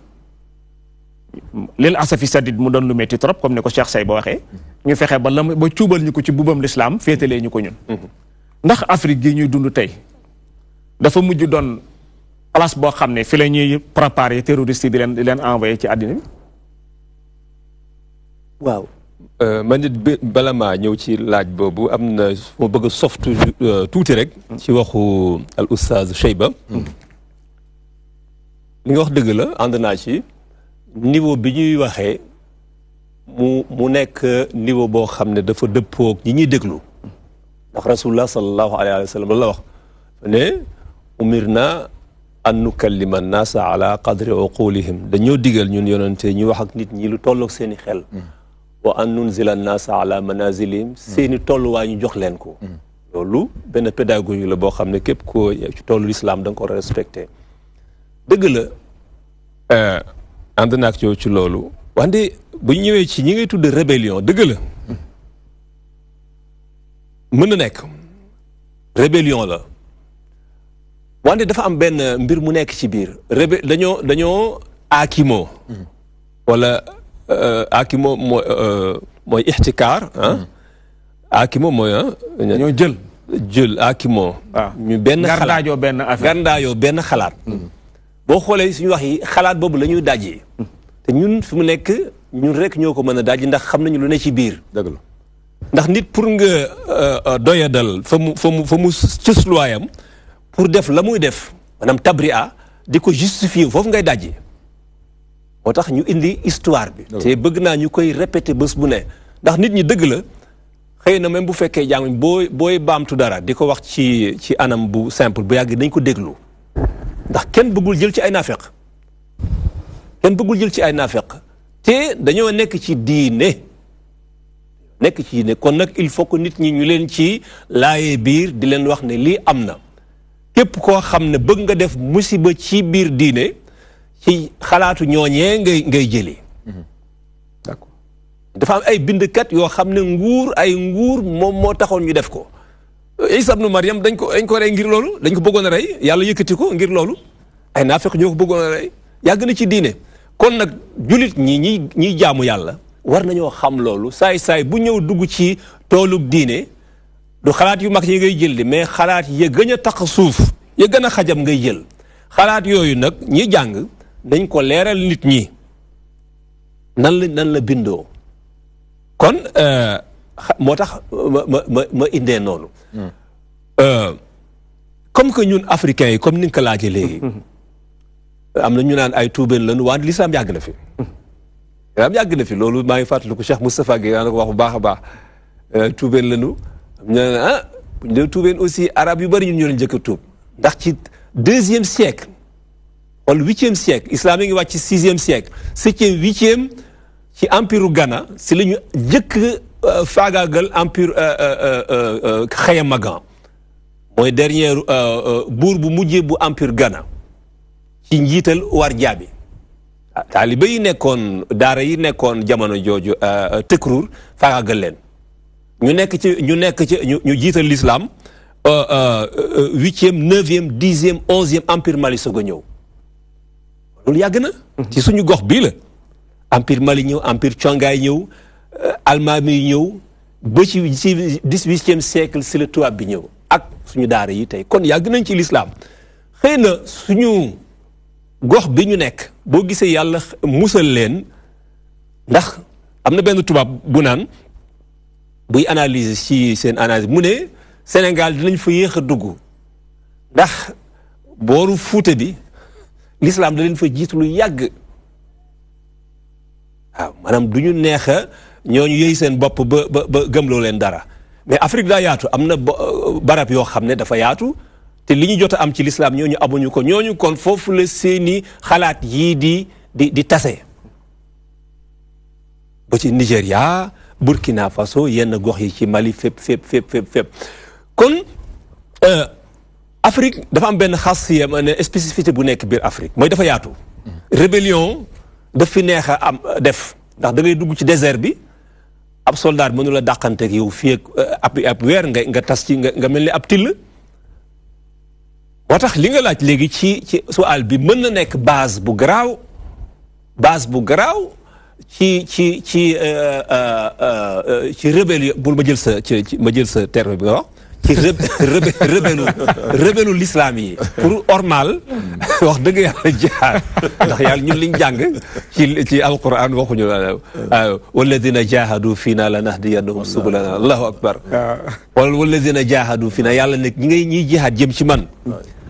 lil asafi sadid mu doon lu métti trop comme ni ko Cheikh Say ba waxee ñu fexe ba lam ba cuubal ñu ko ci bubam lislaam féetalee ñu ko ñun ndax Afrique gi ñuy dund tey dafa mujj doon place boo xam ne fi la ñuy préparé terroriste yi di leen di leen envoyé ci àddina bi Euh, man it bala maa ñëw ci laaj boobu am na ma bëgg a soft euh, tuuti rek ci waxu al oustaz Cheyba li nga wax dëgg la ànd naa ci niveau bi ñuy waxee mu mu nekk niveau boo xam ne dafa dëppoog ñi ñuy déglu ndax rasulullah sallallahu alayhi wa sallam la wax ne umir na an nukallima naasa ala qadri uqulihim dañoo digal ñun yonente ñu wax ak nit ñi lu tolloog seeni xel wa an nunzila nnaasa ala manazilim seeni tolluwaay ñu jox leen ko loolu benn pédagogie la boo xam ne képp ko ci tollu lislaam da nga ko respecté dëgg la ànd naag yow ci loolu wante bu ñëwee ci ñi ngay tudd rébellion dëgg la mën na nekk rébellion la wante dafa am benn mbir mu ci wala Euh, aki moom mooy euh, mooy ixtikaar ah hmm. moom mooy ah ñoo jël jël aki moom ah. ñu benn xalaat benn affaire gardaayoo benn xalaat hmm. boo xoolee suñu wax yi xalaat boobu la ñuy dajee hmm. te ñun fi mu nekk ñun rek ñoo ko mën a dajji ndax xam nañu lu ne ci biir dëgg ndax nit pour nga euh, doyadal fa mu fa mu fa mu cësluwaayam pour def la muy def maanaam tabria di ko justifier foofu ngay dajji moo tax ñu indi histoire bi. te bëgg naa ñu koy répété bés bu ne ndax nit ñi dëgg la xëy na même bu fekkee jànguñ booy booy baamtu dara di ko wax ci ci anam bu simple bu yàgg dañ ko déglu ndax kenn bëggul jël ci ay naafeq kenn jël ci ay naafeq te dañoo nekk ci diine nekk ci diine kon nag il faut que nit ñi ñu leen ci laayee biir di leen wax ne lii am na képp koo xam ne bëgg nga def musiba ci biir diine. ci xalaatu ñooñee ngay ngay jëlee. Mhm. d'accord dafa am ay bindkat yoo xam ne nguur ay nguur moom moo taxoon ñu def ko. Isa ibnu Maryam dañ ko dañ ko rey ngir loolu dañ ko bëggoon a rey yàlla yëkkati ko ngir loolu ay naafeq ñoo ko bëggoon rey yàgg na ci diine kon nag julit ñi ñi ñiy jaamu yàlla war nañoo xam loolu saay-saay bu ñëw dugg ci toolug diine du xalaat yu mag yi ngay jël di mais xalaat ya gën a taq suuf ya gën a xajam ngay jël xalaat yooyu nag ñi jàng. dañ ko leeral nit ñi nan la nan la bindoo kon euh, moo tax ma ma indee noonu hmm. euh, comme que ñun africains yi comme ni nga ko laajee léegi hmm. am na ñu naan ay tuubeen lañu waan lislaam yàgg na fi lislaam yàgg na fi loolu maa ngi fàttaliku Cheikh Moustapha Guèye na ko wax bu baax a baax euh, tuubeen lanu ñu ah tuubeen aussi arab yu bëri ñu ñoo leen njëkk a tuub ndax ci deuxième siècle wala huitième siècle islam yi ngi wàcc ci sixième siècle septième huitième ci empire Ghana si lañu ñu njëkk euh, faagaagal empire Xayamagan euh, euh, mooy dernier buur bu mujjee bu empire gana ci njiital Wardjaabi taaliba yi nekkoon daara yi nekkoon jamono jooju Tëkruur faagaagal leen ñu nekk ci ñu nekk ci ñu ñu jiital l'islam huitième neuvième dixième onzième empire Mali soog a ñëw loolu yàgg na. Mhm. ci suñu gox bii la. empire Mali ñëw empire Congaay ñëw euh, almaami yi ñëw ba ci ci dix-huitième siècle si la tubaab bi ñëw ak suñu daara yi tey kon yàgg nañ ci lislaam xëy na suñu gox bi ñu nekk boo gisee yàlla musal leen ndax am na benn tubaab bu naan buy analyser ci seen analyse mu ne Sénégal di dinañ fa yéex a dugg ndax booru fuute bi. l'islam da leen fa jiitu lu yàgg waaw maanaam du ñu neex a ñooñu yëy seen bopp ba ba ba leen dara mais Afrique daa yaatu am na euh, barab yoo xam ne dafa yaatu te li ñu jot am ci lislaam ñooñu amuñu ko ñooñu kon foofu la seeni xalaat yi di di di tase ba ci Nigéria Burkina Faso yenn gox yi ci Mali fépp fépp fépp kon euh, Afrique dafa am benn xasiya ne spécificité bu nekk biir Afrique mooy dafa yaatu. rébellion daf fi neex a am euh, def ndax da dugg ci désert bi ab soldat mënu la dàqanteeg yow fii ak euh, ab weer nga nga tas ci nga nga mel ni ab till. moo tax li nga laaj léegi ci ci àll bi mën na nekk base bu garaaw base bu garaaw ci ci ci euh, ci rébellion bul ma jël sa ci ma jël sa terme bi nga wax ci rëbe rëbelu rëbelu lislaam yi ormal wax dëgg yàlla jihaad ndax yàlla ñun liñ jàng ci ci alquran waxuñu euh, euh, walladina jahadu fii na la nahdiyannahum subulana allahu akbar ah. wala walladina jahadu fii na yàlla ne ñi ngay ñiy jihaad jëm ci man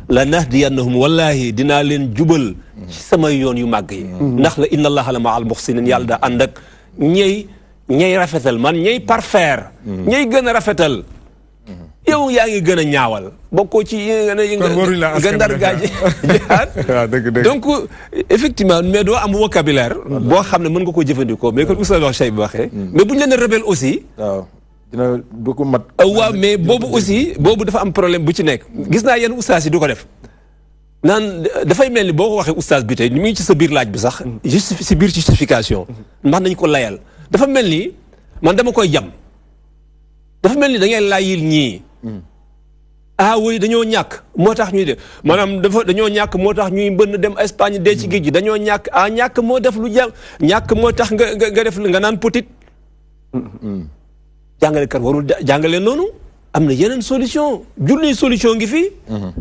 la nahdiyannahum wallahi dinaa leen jubal ci samay yoon yu màgg yi hmm. ndax la inna allaha la ma al muxsinin yàlla daa ànd rafetal man ñay parfaire hmm. ñay gën rafetal yow yaa ngi gën a ñaawal bokkoo ci yi nga ne nga ah. ah, donc effectivement mais doo am vocabulaire boo xam ne mën nga koo jëfandikoo mais comme Oustaz Cheikh bi waxee hmm. mais bu ñu leen rebelle aussi waaw dina du ko mat ah, mais boobu aussi boobu dafa am problème bu ci nekk gis naa yenn oustaz yi du ko def naan dafay mel ni boo ko waxee oustaz bi tey mu ngi ci sa biir laaj bi sax hmm. justifi si biir justification hmm. ndax nañ ko layal dafa mel ni man dama koy jam dafa mel ni da ngay laayil ñii ah oui dañoo ñàkk moo tax ñuy def maanaam dafa dañoo ñàkk moo tax ñuy mbënn dem Espagne dee ci mm. géej gi dañoo ñàkk ah ñàkk moo def lu jàng ñàkk moo tax nga nga def nga naan petit mm, mm, jàngalekat warul jàngale noonu am na yeneen solution julli solution ngi fii mm-hmm.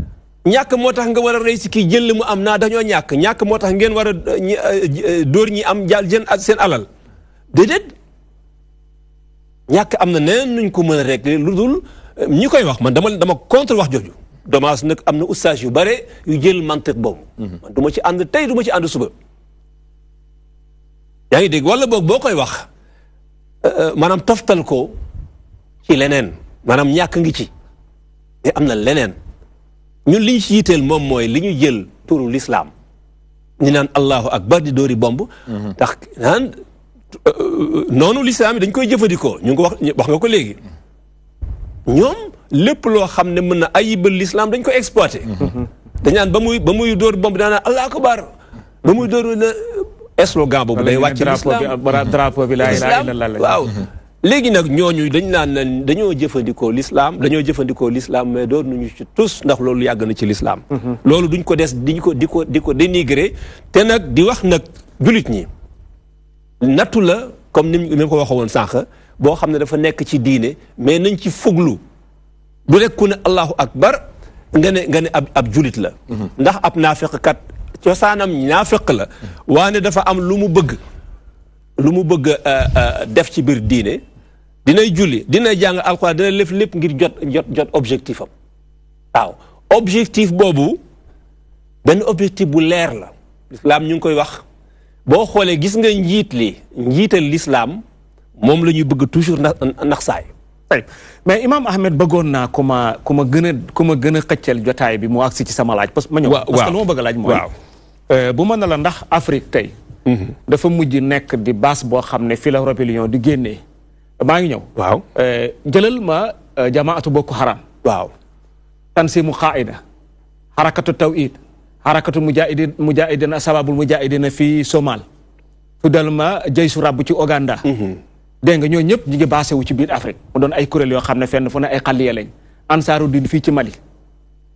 ñàkk moo tax nga war a rey si kii jël mu am naa dañoo ñàkk ñàkk moo tax ngeen war a eh, eh, eh, dóor ñi am jaal jën seen alal déedéet ñàkk am na neneen nuñ ko mën a régler lu dul ñi koy wax man dama dama contre wax jooju dommage nag am na ustaas yu bare yu jël mantiq boobu mhm. man du ci ànd tey duma ci ànd suba yaa ngi dégg wala boog boo koy wax euh, euh, maanaam toftal ko ci leneen maanaam ñàkk ngi ci mais am na leneen ñun li ñu ci yitteel moom mooy li ñu jël turu lislaam ñu naan allahu akbar di dóori bomb mhm. ndax naan euh, noonu lislaam yi dañ koy jëfandikoo ñu ngi wax wax nga ko léegi ñoom lépp loo xam ne mën na ayibal l'islam dañ ko exploité dañ naan ba muy ba muy dóor bomb daanaan allah akbar ba muy dóor na eslogan boobu day wàcc drapeau bi laa ilaaha illallaah waaw léegi nag ñooñu dañ naan dañoo jëfandikoo l'islam dañoo jëfandikoo l'islam mais doon nañu ci tous ndax loolu yàgg na ci l'islam loolu duñ ko des diñ ko di ko di ko dénigré te nag di wax nag jullit ñi nattu la comme ni mu ko waxee woon sànq bo xamne dafa nek ci diine mais nañ ci fuglu du rek ku ne allahu akbar nga ne nga ne ab ab julit la ndax ab nafiq kat cosaanam nafiq la waane dafa am lu mu bëgg lu mu bëgg def ci bir diine dinay julli dina jàng alxuraan dina lef lépp ngir jot jot jot objectif am waaw objectif bobu ben objectif bu leer la lislaam ñu ngi koy wax boo xoolee gis nga njiit li njiital l'islam moom la ñuy bëgg toujours ndax ndax saay mais Imaam Ahmed bëggoon naa ku ma ku ma gën a ku ma gën a xëccel jotaay bi mu agsi ci sama laaj. parce que ma ñëw parce que lu ma bëgg a laaj mooy. Euh, bu mën na la ndax Afrique tey. Mhm. dafa mujj nekk di base boo xam ne fii la rébellion di génnee. maa ngi ñëw. waaw euh, jëlal ma euh, jamaatu Boko Haram. waaw tansimu xaayida. harakatu tawhid. harakatu mujahidin mujahidin sababul mujahidin fii Somal. su dal ma jaysu rabb ci Ouganda. Mhm. dégg nga ñoo ñëpp ñu ngi basé wu ci biir Afrique mu doon ay kuréel yoo xam ne fen fu ne ay xalliya lañ ansaaru din fii ci Mali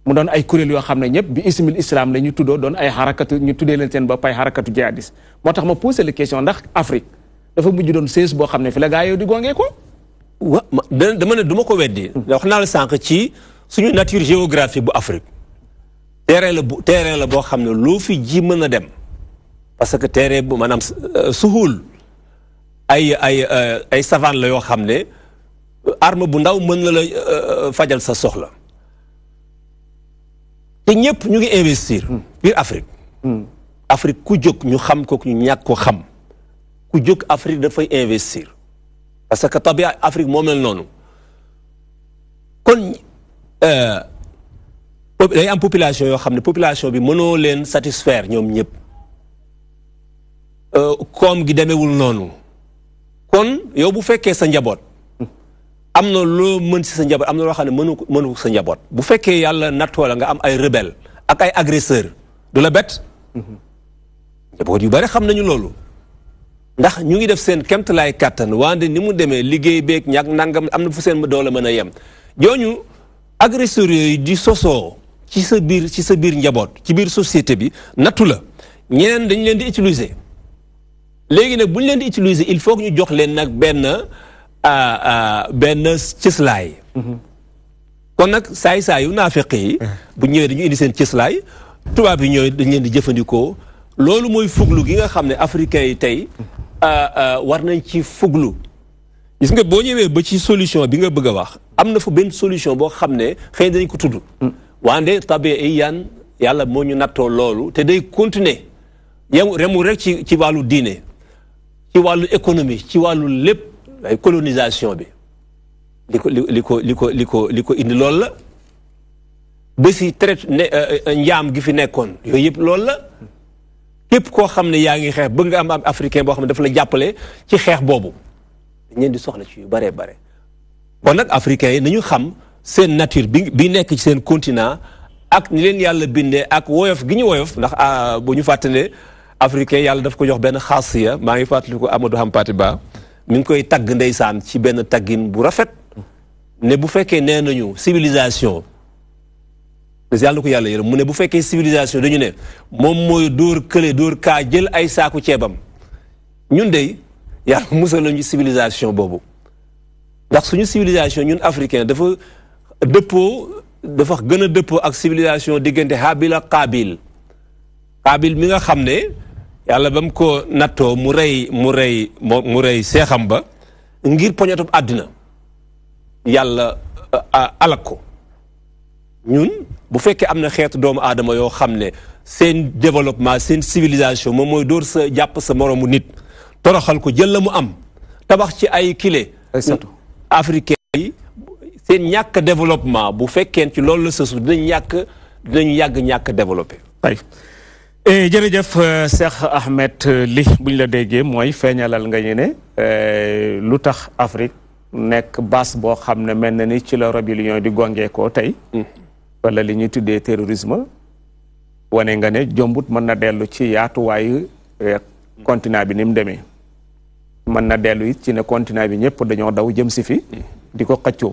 mu doon ay kuréel yoo xam ne ñëpp bi ismil islam la ñu tuddoo doon ay xarakatu ñu tuddee leen seen bopp ay xarakatu jihadis moo tax ma posé la question ndax Afrique dafa mujj doon sées boo xam ne fi la gaa yow di gongee ko wa dama ne du ko weddi wax naa sànq ci suñu nature géographique bu Afrique terrain la bu terrain la boo xam ne loo fi ji mën a dem parce que terrain bu maanaam euh, suhul ay ay euh, ay savane la yoo xam ne arme bu ndaw mën na la euh, fajal sa soxla te ñëpp ñu ngi investir hmm. biir Afrique hmm. Afrique ku jóg ñu xam ko ñu ñàkk ko xam ku jóg Afrique dafay investir parce que tabia Afrique moo mel noonu kon euh, day am population yoo xam ne population bi mënoo leen satisfaire ñoom ñëpp koom gi demewul noonu kon yow bu fekkee sa njaboot am na loo mën si sa njaboot am na loo xam ne mënu mënu sa njaboot bu fekkee yàlla nattoo la nga am ay rebelle ak ay agresseur du la bett njaboot yu bari xam nañu loolu ndax ñu ngi def seen kemtalaay kàttan wante ni mu demee liggéey beeg ñàkk nangam am na fu seen doole mën a yem ñooñu agresseurs yooyu di sosoo ci sa biir ci sa biir njaboot ci biir société bi nattu la ñeneen dañ leen di utiliser léegi nag buñ leen di utiliser il faut ñu jox leen nag benn euh, euh, benn cëslaay. Mhm. kon nag saay saayu naa naafeq yi. Eh. bu ñëwee dañu indi seen cëslaay tubaab yi ñooy dañ leen di jëfandikoo loolu mooy fuglu gi nga xam ne africain yi tey mm-hmm. euh, war nañ ci fuglu. gis nga boo ñëwee ba ci solution bi nga bëgg a wax am na fa benn solution boo xam ne xëy dañ ko tudd. Mm. wande tabe ay yan yàlla moo ñu nattoo loolu te day continuer yemu remu rek ci ci wàllu diine. ci wàllu économie ci wàllu lépp ay colonisation bi li ko li ko li ko li ko li ko indi lool la bés yi trait ne euh, euh, njaam gi fi nekkoon yooyu yëpp loolu la képp koo xam ne yaa ngi xeex bëgg nga am africain boo xam ne dafa la jàppale ci xeex boobu ñeen di soxla ci yu baree bare kon nag africains yi nañu xam seen nature bi bi nekk ci seen continent ak ni leen yàlla bindee ak woyof gi ñu woyof ndax ah, bu ñu fàttalee africain yàlla daf ko jox benn xaasiya maa ngi ama fàttaliku xam pati Bâ mu ngi koy tagg ndeysaan ci benn taggin bu rafet ne bu fekkee nee nañu civilisation yàlla ko yàlla yërëm mu ne bu fekkee civilisation dañu ne moom mooy dóor kële dóor kaa jël ay saaku ceebam ñun dey yàlla musal lañu civilisation boobu ndax suñu civilisation ñun africain dafa dëppoo dafa gën a dëppoo ak civilisation diggante Habil ak Qaabil Qaabil mi nga xam ne yàlla ba mu ko nattoo mu rey mu rey mu rey seexam ba ngir poñatub àddina yàlla alak ko ñun bu fekkee am na xeetu doomu aadama yoo xam ne seen développement seen civilisation moom mooy dóor sa jàpp sa moroomu nit toroxal ko jël la mu am tabax ci ay kile africain yi seen ñàkk développement bu fekkeen ci loolu la sësu dinañ ñàkk dinañ yàgg ñàkk développé Eh, jërëjëf eh, Cheikh Ahmed li bu ñu la déggee mooy feeñalal nga ñu ne eh, lu tax Afrique nekk base boo xam ne mel na ni ci la rébellion di gongeekoo tey. Mm. wala li ñuy tuddee terrorisme. wane nga ne jombut mën na dellu ci yaatuwaayu continant bi ni mu demee. mën na dellu ci ne continant bi ñëpp dañoo daw jëm si fi. Mm. di ko xëccoo.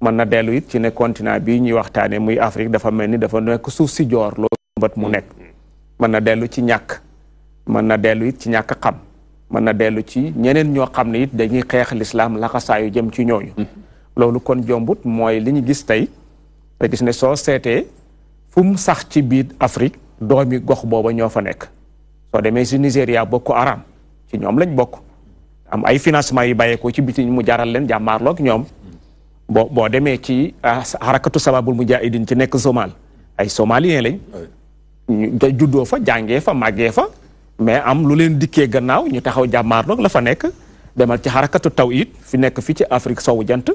mën na dellu it ci ne continant bii ñuy waxtaanee muy Afrique dafa mel ni dafa nekk suuf si joor loolu mbat mu mm. nekk. mën na dellu ci ñàkk mën na dellu ci ñàkk xam mën na dellu ci ñeneen ñoo xam ne it dañuy xeex lislaam laxasaayu jëm ci ñooñu mm-hmm. loolu kon jombut mooy li ñu gis tey te gis ne soo seetee fum sax ci biir Afrique doomi gox booba ñoo fa nekk soo demee si Nigéria bokku aram ci ñoom lañ bokk am ay financement yu bàyyeekoo ci bitiñ mu jaral leen jàmmaarloog ñoom boo boo demee ci ah, harakatu sababul mujaahidin ci nekk Somal ay somalien lañ juddoo fa jàngee fa màggee fa mais am lu leen dikkee gannaaw ñu taxaw jàmmaarloog la fa nekk demal ci xarakatu tawhid fi nekk fii ci Afrique sowu jant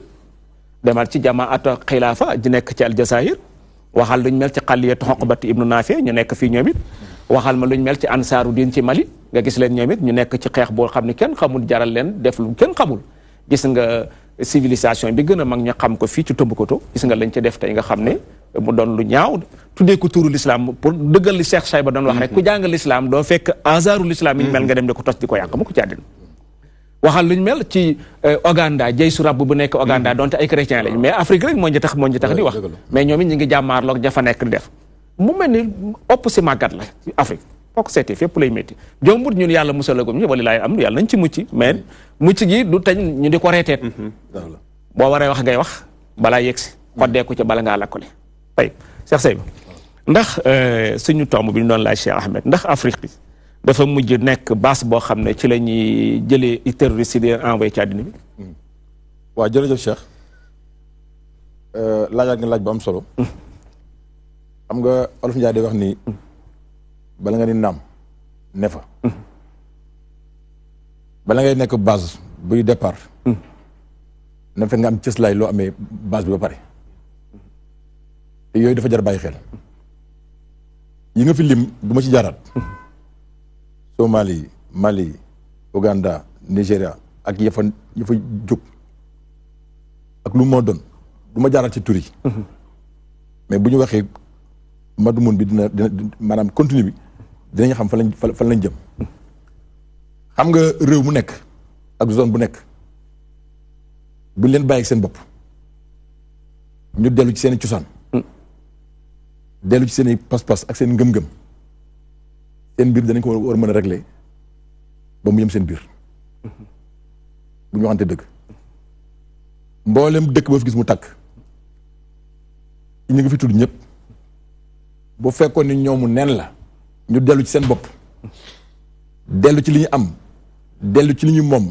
demal ci jamaata xilaafa ji nekk ci aljazair waxal luñ mel ci xalliyatu xoqbati ibnu naafi ñu nekk fii ñoom it waxal ma luñ mel ci ansaaru diin ci Mali nga gis leen ñoom it ñu nekk ci xeex boo xam ne kenn xamul jaral leen def lu kenn xamul civilisation bi gën a mag ña xam ko fii ci Tombouctou gis nga lañ ca def tey nga xam ne mu doon lu ñaaw tuddee ko turu l'islam pour dëggal li Cheikh Sayba doon wax rek mm-hmm. ku jàng l'islam doo fekk azaaru l'islam yi mel nga dem di ko tos di ko yàq mu ko ci waxal luñ mel ci Oganda euh, jay su rabb bu nekk Oganda mm-hmm. donte ay chrétien lañ mais Afrique rek moo ñu tax moo ñu tax di wax mais ñoom it ñu ngi jàmmaarloog jafa nekk di def mu mel ni ëpp si màggat la Afrique boo ko seetee fépp lay métti jombut ñun yàlla musalagum ñu wala laay am yàlla nañ ci mucc mais mucc gi du tañ ñu di ko reeteet mhm. boo waree wax ngay wax balaa yegsi xoddeeku ci bala ngaa lakkale tey Cheikh Seydou ndax euh, suñu tomb bi ñu doon laaj Cheikh Ahmed ndax Afrique dafa mujj nekk base boo xam ne ci la ñuy jëlee i terroriste di envoyé ci àddina bi hmm. waaw jërëjëf Cheikh euh, laajaat nga laaj bu am solo hmm. xam nga Olof Njaay wax ni hmm. bala nga di naam ne bala ngay nekk base buy départ. na fekk nga am cëslaay loo amee base bi ba pare. yooyu dafa jar bàyyi xel. yi nga fi lim duma ci jaraat Somalie Mali Ouganda Nigéria ak yafa yafa jóg ak lu moo doon du ma jaaraat ci tur mm-hmm. mais bu ñu waxee madumun bi dina maanaam continue bi. dinañ xam fa lañ fan lañ jëm xam nga réew mu nekk ak zone bu nekk buñ leen bàyyi seen bopp ñu dellu ci seeni cosaan dellu ci seeni pas-pas ak seen ngëm-ngëm seen biir danañ ko war a mën a régler ba mu yëm seen biir bu ñu waxante dëgg mboolem dëkk ba fi gis mu takk ñu ngi fi tudd ñëpp bu fekkoon ni ñoomu neen la ñu dellu ci seen bopp dellu ci li ñu am dellu ci li ñu moom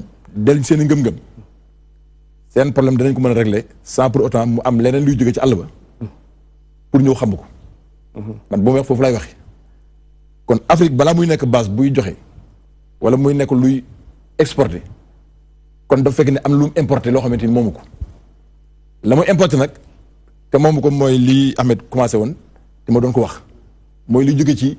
dellu ci seen i ngëm-ngëm seen problème danañ ko mën a régler sans pour autant mu am leneen luy jóge ci àll ba pour ñëw xamu ko. man boo wax foofu lay waxe kon Afrique balaa muy nekk base buy joxe wala muy nekk luy exporter kon dafa fekk ne am lu mu loo xamante ni moomu ko la muy importer nag te moomu ko mooy lii Ahmed commencé woon te ma doon ko wax mooy li jóge ci.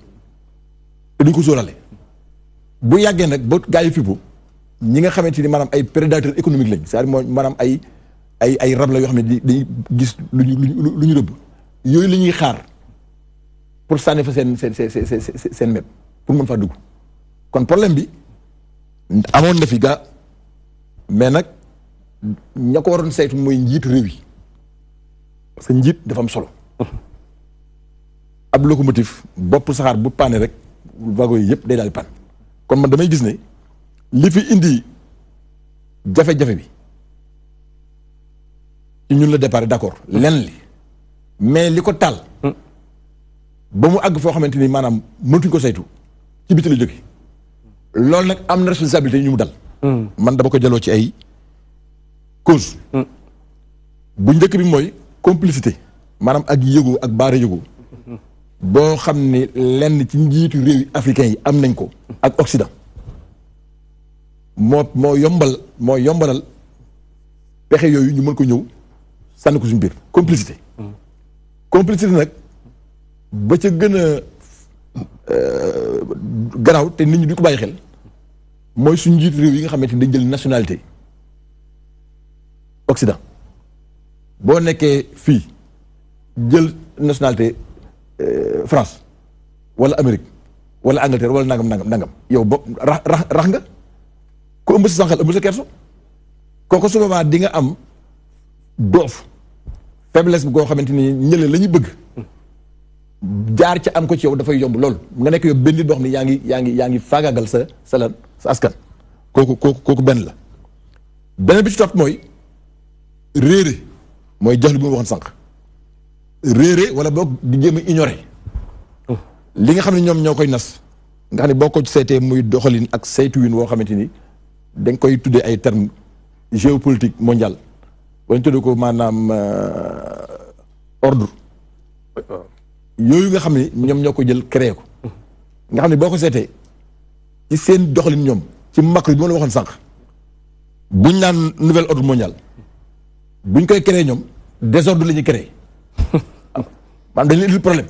te duñ ko solale bu yàggee nag ba gaa yi fippu ñi nga xamante ni maanaam ay prédateurs économiques lañ saar mooy maanaam ay ay ay rab la yoo xam ne dañuy gis lu ñu lu ñu rëbb yooyu la ñuy xaar pour sànni fa seen seen seen seen meb pour mën faa dugg kon problème bi amoon na fi gaa mais nag ña waroon saytu mooy njiit réew yi parce que njiit dafa am solo ab locomotive bopp saxaar bu paane rek comme yi yep, day daal di pan man damay gis ne li fi indi jafe-jafe bi ñun la d'accord len mais li ko hmm. ba mu àgg ko ci la responsabilité ñu dal hmm. man dama cause hmm. complicité ak ak boo xam ne lenn ci njiitu réew yi africain yi am nañ ko ak Occident moo moo yombal moo yombalal pexe yooyu ñu mën ko ñëw sànni ko suñu biir complicité complicité nag ba ca gën a euh, garaaw te nit ñu di ko bàyyi xel mooy suñu njiit réew yi nga xamante ni dañ jël nationalité Occident boo nekkee fii jël nationalité Euh, France wala Amérique wala Angleterre wala nangam nangam nangam yow bo rax rax rax nga ku ëmb sa sànqal ëmb sa kersu kooku su boobaa di nga am doof faiblesse bi koo xamante ni ñële la ñu bëgg jaar ca am ko ci yow dafay yomb lool nga nekk yow benn boo xam ne yaa ngi yaa ngi yaa ngi faagaagal sa sa lan sa askan kooku kooku benn la beneen bi ci topp mooy réere mooy jaxlu bi ma waxoon sànq réere wala boog di jéem a li nga xam ne ñoom ñoo koy nas nga xam ne boo ko seetee muy doxalin ak saytuwin woo xamante ni dañ koy tuddee ay termes géopolitique mondial wañ tuddee ko maanaam euh, ordre yooyu nga xam ne ñoom ñoo ko jël créé ko nga xam ne boo ko seetee ci seen doxalin ñoom ci macro bi ma la waxoon sànq buñ naan nouvel ordre mondial buñ koy créé ñoom désordre la lañuy créé man dañ problème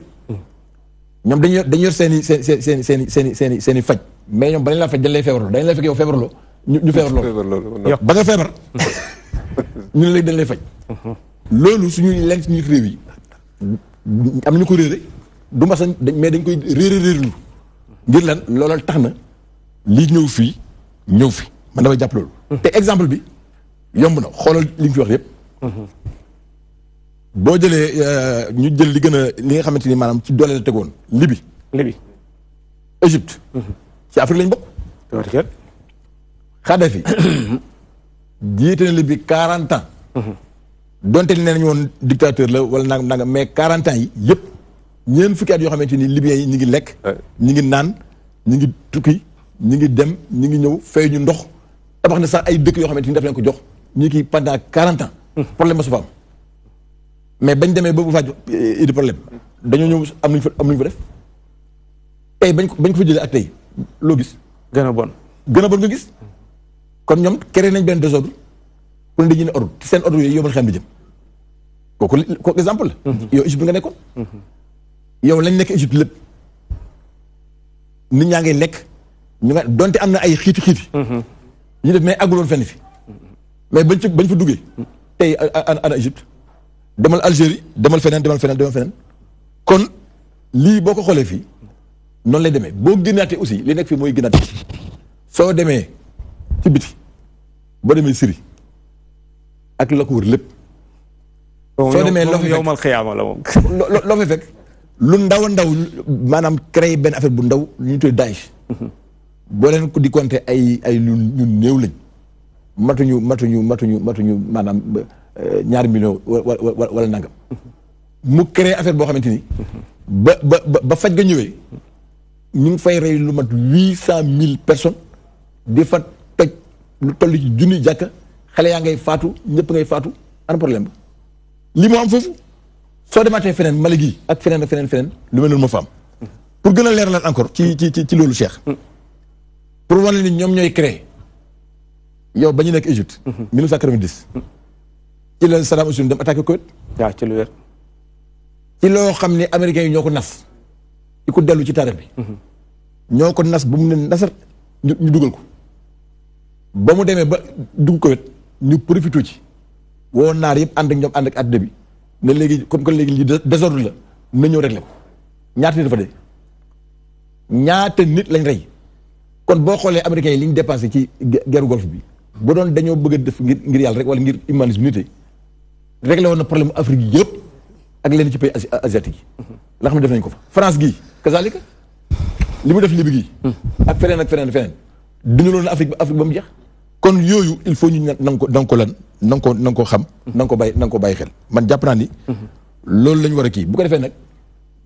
ñoom mais ñoom ba la faj dañ lay dañ lay fekk yow ñu ba nga ne dañ lay am ko du mais dañ koy ngir lan fi man exemple bi yomb na xoolal li fi boo jëlee euh, ñu jël li gën a li nga xamante ni maanaam ci doole la tegoon Libi. Libi. Égypte. Mhm. ci Afrique lañ bokk. dëgg Kadhafi mhm. jiite na mhm. nañu woon dictateur la wala nangam nangam mais quarante yi yëpp ñeent fukki at yoo xamante ni libyens yi ñu ngi lekk. ñu ngi naan ñu ngi tukki ñu ngi dem ñu ngi ñëw fay ñu ndox tabax na sax ay dëkk yoo xamante ni daf leen ko jox ñu kii pendant quarante ans. problème ba su fa mais bañ demee boobu bu faj idi problème dañoo ñëw am luñ fa am luñ fa def tey bañ ko bañ ko fa jëlee ak tey loo gis. gën a bon gën gis. kon ñoom créé nañ benn désordre pour ne dañuy ne ordre seen ordre yooyu yombal xam bi jëm kooku kooku exemple la. Mhm. yow Égypte nga nekkoon. Mhm. yow lañ nekk Égypte lépp nit ñaa ngi lekk ñu nga donte am na ay xiiti xiiti. Mhm. ñu def mais àgguloon fenn fi mais bañ ci bañ fa duggee tey ana Égypte. demal Algérie demal feneen demal feneen kon lii boo ko xoolee fii noonu lay demee boo génnaatee aussi li nekk fi mooy génnaat soo demee ci biti boo demee Syrie ak la ko wër lépp. Oh, soo demee loo yow mal xiyaama la moom. loo lu ndaw ndaw maanaam créé benn affaire bu ndaw lu ñu tuddee Daesh. Mhm. boo leen ko di compter ay ay lu ñu néew lañ matuñu matuñu matuñu matuñu maanaam. ñaari million wala wala nangam. mu créé affaire boo xamante ni. ba ba ba faj ga ñëwee. ñu ngi fay rey lu mat huit cent mille personnes di fa toj lu toll ci junni jàkka xale yaa ngay faatu ñëpp ngay faatu an problème ba li moo am foofu soo demaatee feneen Mali gi ak feneen ak feneen feneen lu mel noonu moo fa am pour gën a leeralal encore ci ci ci loolu seex pour wane ni ñoom ñooy créé yow ba ñu nekk Égypte. 1990. ci la Saddam Hussein dem attaqué Koweït. waaw ci lu wér. loo xam ne américains yi ñoo ko nas. di ko dellu ci taarix bi. Mhm. ñoo ko nas bu mu ne nasar ñu dugal ko. ba mu demee ba dugg Koweït ñu profité ci. woo naar yëpp ànd ak ñoom ànd ak àddina bi ne léegi comme que léegi lii désordre la na ñëw réglé ko ñaata nit dafa dee ñaata nit lañ rey kon boo xoolee américains yi li ñu dépensé ci guerre golfe bi bu doon dañoo bëgg a def ngir ngir yàlla rek wala ngir humanisme yi réglé woon na problème Afrique yëpp ak leen ci pays asiatique yi. nga xam ne def nañ ko fa France gii kazaalika li mu def Libye gi ak feneen ak feneen feneen. duñu loon Afrique ba mu jeex. kon yooyu il faut ñu nang ko nang ko lan nang ko nang ko xam. nang ko bàyyi nang ko bàyyi xel man jàpp loolu la ñu war a kii bu ko defee nag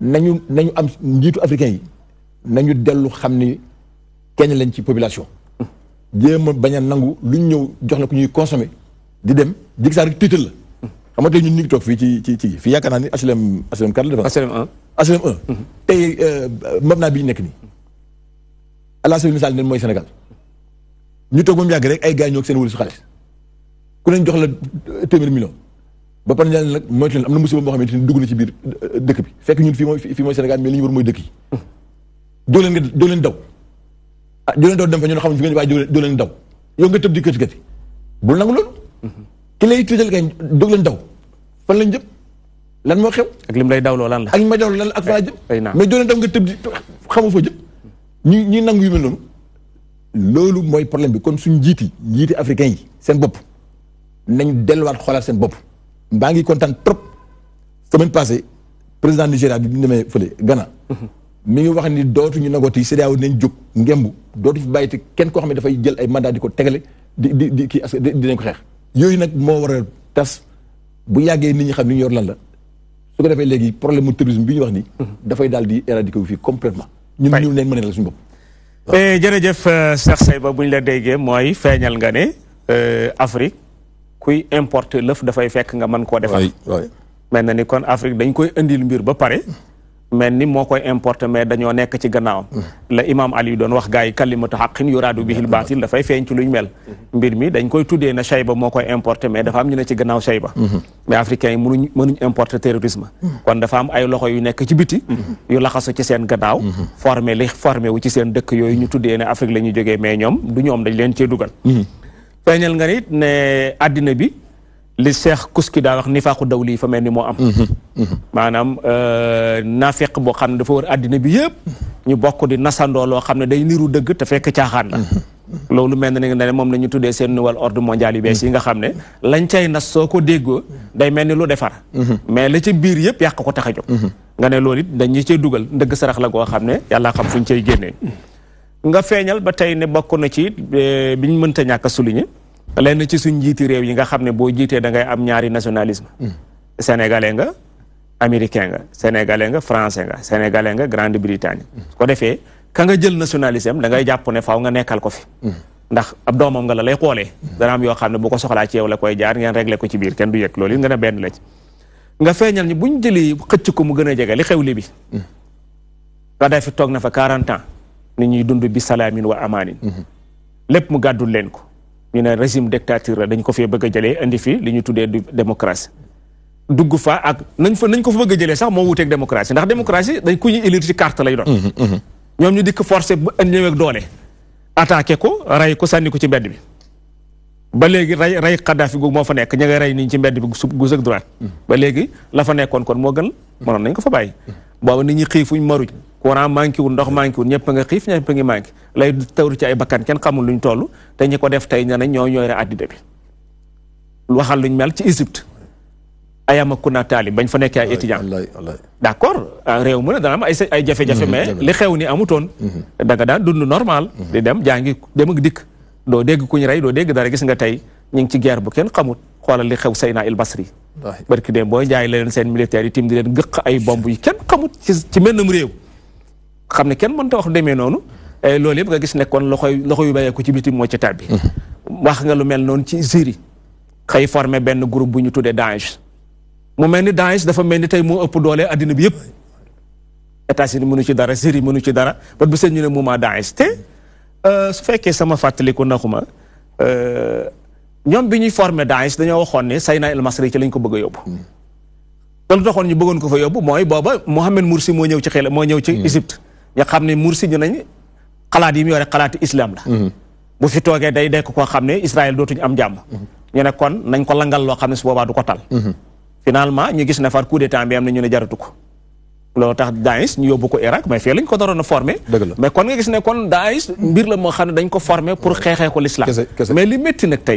nañu nañu am njiitu africain yi nañu dellu xam ni kenn lañ ci population. jéem a bañ nangu lu ñëw jox la ku ñuy consommer di dem jig saa rek tiital la. xam nga tey ñun ñu toog fii ci ci ci fii yaakaar naa ni HLM HLM 4 la defa HLM 1 mhm. tey euh, moom naa bi ñu nekk nii àla sali misal nen mooy Sénégal ñu toog moom yàgg rek ay gaa ñoo seen wul su xaalis ku neñ jox la euh, téeméer million ba pare ñaan nag mooy na musiba boo xamante ni dugg na ci biir euh, dëkk bi fekk ñun fii mooy fii mooy Sénégal mais li ñu war mooy dëkk yi mhm. doo leen nga doo leen daw ah doo leen daw dem fa ñun xamuñ fi nga waaye doo leen yow nga tëb di kët kët bul nangu loolu mhm. ki lay tiital kay dog leen daw fan lañ jëm lan moo xew. ak lim lay dawloo lan la. ak may dawloo lan la ak faa jëm. mais doo leen daw nga tëb di xamu fa jëm. ñi ñi nangu yu mel noonu. loolu mooy problème bi kon suñu njiiti njiiti africain yi seen bopp nañ delluwaat xoolaat seen bopp. mbaa ngi kontaan trop semaine passée président Nigéria bi bi ñu demee fële Ghana. mi ngi wax ni dootuñu nagooti CEDEAO nañ jóg ngemb dootu fi bàyyiti kenn koo xam ne dafay jël ay mandat di ko tegale di di di kii dinañ ko xeex. yooyu nag moo war a tas bu yàggee nit ñi xam ni ñu yor lan la su ko defee léegi problème mu terrorisme bi ñu wax ni dafay daal di éradiquer wu fii complètement ñun ñu leen mën a la suñu bopp eh, jërëjëf euh, Cheikh ba bu ñu la déggee mooy feeñal nga ne euh, Afrique kuy importe lëf dafay fekk nga mën koo defar mel na ni kon Afrique dañ koy indil mbir ba pare mel ni moo koy importé mais dañoo nekk ci gannaawam la imam ali doon wax gars yi kalimatu xaqin yuraadu bihil baatil dafay feeñ ci luñ mel mbir mi dañ koy tuddee na Shayba moo koy importé mais dafa am ñu ne ci gannaaw Shayba mais africains yi mënuñ mënuñ importé terrorisme kon dafa am ay loxo yu nekk ci biti yu laxasu ci seen gannaaw formé li formé wu ci seen dëkk yooyu ñu tuddee ne Afrique la ñuy jógee mais ñoom du ñoom dañ leen cee dugal hmm. feeñal nga nit ne àddina bi li Cheikh Kuski daa wax nifaaqu dawli fa mel ni moo am. Mhm, mhm. maanaam euh, naafeq boo xam ne dafa àddina bi yëpp. ñu bokk di nasandoo loo xam ne day niru dëgg te fekk caaxaan la. Mhm, loolu mel ni ne ne moom la ñu tuddee seen nouvel ordre mondial yu bees yi nga xam ne lañ cay nas soo ko déggoo day mel ni lu defar. mais la ci biir yëpp yàq ko tax a jóg. nga ne loolu it dañu cee dugal ndëgg sarax la goo xam ne yàlla xam fu ñu cay génnee. nga feeñal ba tey ne bokk na ci euh, biñ mënta ñàkk a lenn ci suñ njiiti réew yi nga xam ne boo jiitee da ngay am ñaari nationalisme mm. sénégalais nga américain nga sénégalais nga français nga sénégalais nga grande bretagne mm. su defee ka nga jël nationalisme da ngay jàpp ne faaw nga nekkal ko fi mm. ndax ab doomam nga la lay xoolee dana am yoo xam ne boo ko soxlaa ci yow la koy jaar ngeen réglé ko ci biir kenn du yëg loolu it nga ne benn la nga feeñal ñi buñ jëli xëcc ko mu gën a jege li xew nga bi fi toog na fa quarante ans nit ñuy dund bi salaamin wa amaanin mm-hmm. lépp mu gàddul leen ko ñu ne régime dictature dañ ko fee bëgg a jëlee indi fi li ñu tuddee du démocratie dugg fa ak nañ fa nañ ko fa bëgg a jëlee sax moo wuteeg démocratie ndax démocratie dañ ku ñu élire ci carte lay doon. Mm-hmm, mm-hmm. ñoom ñu dikk forcé bu ñëwee ak doole. attaqué ko rey ko sànni ko ci mbedd bi ba léegi rey rey Kadhafi googu moo fa nekk ña nga rey nii ci mbedd bi su gauche ak droite. Mm-hmm. ba léegi la fa nekkoon kon moo gën. mënoon nañ ko fa bàyyi. booba nit ñi xiifuñ maruñ courant manqué wul ndox manqué wul ñëpp nga xiif ñëpp a ngi manqué lay tawri ci ay bakkan kenn xamul luñ toll ta ñi ko def tey ne nañ ñoo ñooy re addina bi waxal luñ mel ci Égypte ayama kuna taali bañ fa nekkee ay étudiant d' accord réew mu ne dana am ay ay jafe-jafe mhm, mais li xew ni amutoon mhm. da nga daan dund normal mhm. di dem jàngi dem ak dikk doo dégg kuñ rey doo dégg dara gis nga tey ñu ngi ci guerre bu kenn xamut xoolal li xew Seyna El Basri barki dem boo jaay la leen seen militaires yi tim di leen gëq ay bomb yi kenn xamut ci ci réew xam ne kenn mënta wax demee noonu eh, loolu yëpp nga gis nekkoon loxoy loxo yu bàyyeeku ci biti moo ci bi mm-hmm. wax nga lu mel noonu ci Syrie xëy formé benn groupe bu ñu tuddee dange mu mel ni Daesh dafa mel ni tey moo ëpp doole addina bi yëpp états mënu ci dara Syrie mënu ci dara ba bu seen ñu ne mouvement dange te euh, su fekkee sama fàttaliku naxuma euh, ñoom bi ñuy formé Daesh dañoo waxoon ne Sayna El Masri ci lañ ko bëgg a yóbbu. te mm-hmm. lu taxoon ñu bëggoon ko fa yóbbu mooy booba Mohamed Morsi moo ñëw ci xel moo ñëw ci mm-hmm. Égypte. ñu xam ne mursi ñu nañ xalaat yi mu yore xalaati islam la mhm. bu fi toogee day dekk koo xam ne Israël dootuñu am jàmm mhm. ñu ne kon nañ ko langal loo xam ne su boobaa du ko tal mhm. finalement ñu gis ne far coup d'état na ñu jaratu ko loolu tax Daesh ñu yóbbu ko Irak mais fii lañ ko doon a formé mais kon nga gis ne kon Daesh mbir la moo xam ne dañ ko formé pour xeexee ko l'islam mais li métti nag te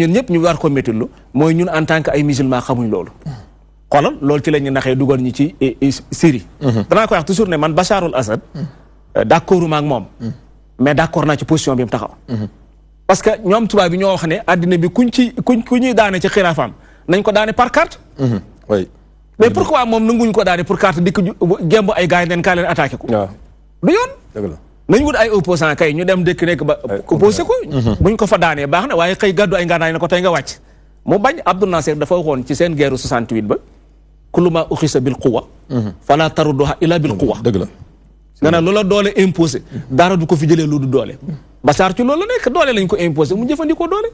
ñun ñëpp ñu war ko métti mooy ñun en tant que ay musulman xamuñ loolu xoolal loolu ci la ñu naxee dugal ñu ci eh, eh, Syrie mhm. danaa ko wax toujours ne man Bacharul Assad mhm. euh, d' accord uma ak moom mhm. mais d' accord naa ci position bi mu taxaw parce que ñoom tubaab bi ñoo wax ne àddina bi kuñ ci kuñ ku ñuy daane ci xiraafaam nañ ko daane par carte oui mais pourquoi moom nanguñ ko daane pour carte dikk gémb ay gars yi leen kaa leen attaqué ko du yoon wut ay opposant kay ñu dem dëkk nekk ba opposé ko buñ ko fa daanee baax na waaye xëy gàddu ay ngànnaay na kullu ma uxisa bil quwa fala tarudduha illa bil quwa dëgg la nga ne loola doole imposé dara du ko fi jëlee lu doole basaar ci loolu la nekk doole lañ ko imposé mu jëfandikoo doole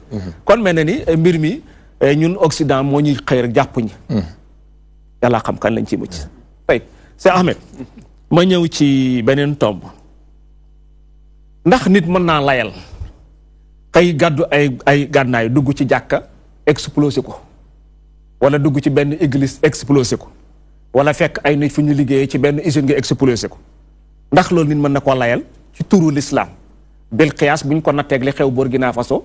kon mel na ni eh, mbir mi eh, ñun Occident moo ñuy xëy rek jàpp ñi xam kan lañ ci mucc tey c'est Ahmed ma ñëw ci beneen tomb ndax nit mën naa layal kay gàddu ay ay gànnaay dugg ci jàkka explosé ko wala dugg ci benn église explosé ko wala fekk ay nit fu ñu liggéeyee ci benn usine nga explosé ko ndax loolu nit mën na koo layal ci turu l'islam bil qiyaas bu ñu ko natteeg li xew Burkina Faso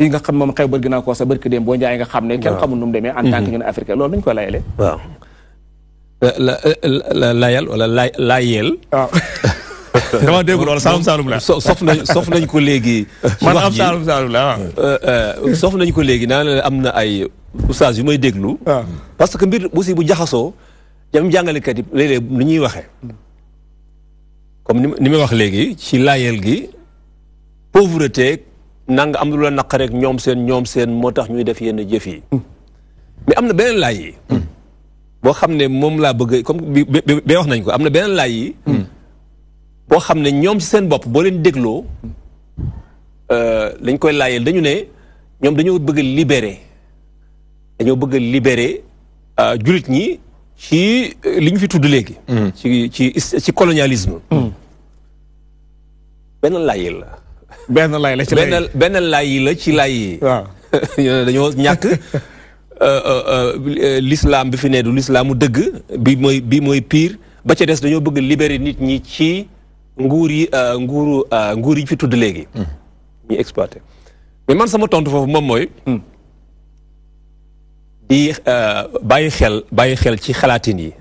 yi nga xam moom xew Burkina Faso barki dem boo njaay nga xam ne kenn xamul nu mu demee en tant que mhm. ñun africain loolu nañu ko layalee waaw la layal wala la laayeel dama dégg loolu Saalum Saalum la sof nañ sof nañ ko léegi. man am Saalum Saalum la ah. euh, euh, sof nañ ko léegi naa ne am na ay oustaz yu may déglu. Ah. parce que mbir aussi bu jaxasoo. jam jàngalekat yi léeg lu ñuy waxee. comme ni ni may wax léegi ci laayel gi. pauvreté nanga am lu la naq rek ñoom seen ñoom seen moo tax ñuy def yenn jëf yi. Hmm. mais am na beneen laay yi. Hmm. boo xam ne moom laa bëgg comme bi wax nañ ko am na beneen laay yi. Hmm. boo xam ne ñoom ci seen bopp boo leen dégloo euh, lañ koy laajal dañu ne ñoom dañoo bëgg a libéré dañoo bëgg a libéré euh, jullit ñi ci euh, li ñu fi tudd léegi. Mm. ci ci ci colonialisme. Mm. benn laay la. benn laay la ci laay benn benn dañoo ñàkk. lislaam bi fi ne du l'islamu dëgg bi mooy bi mooy pire ba ca des dañoo bëgg libéré nit ñi ci. nguur yi euh, nguuru euh, nguur yi fi tudd léegi. Hmm. ñuy exploité man sama tontu foofu moom mooy. Hmm. di euh, bàyyi xel bàyyi xel ci xalaatin yi.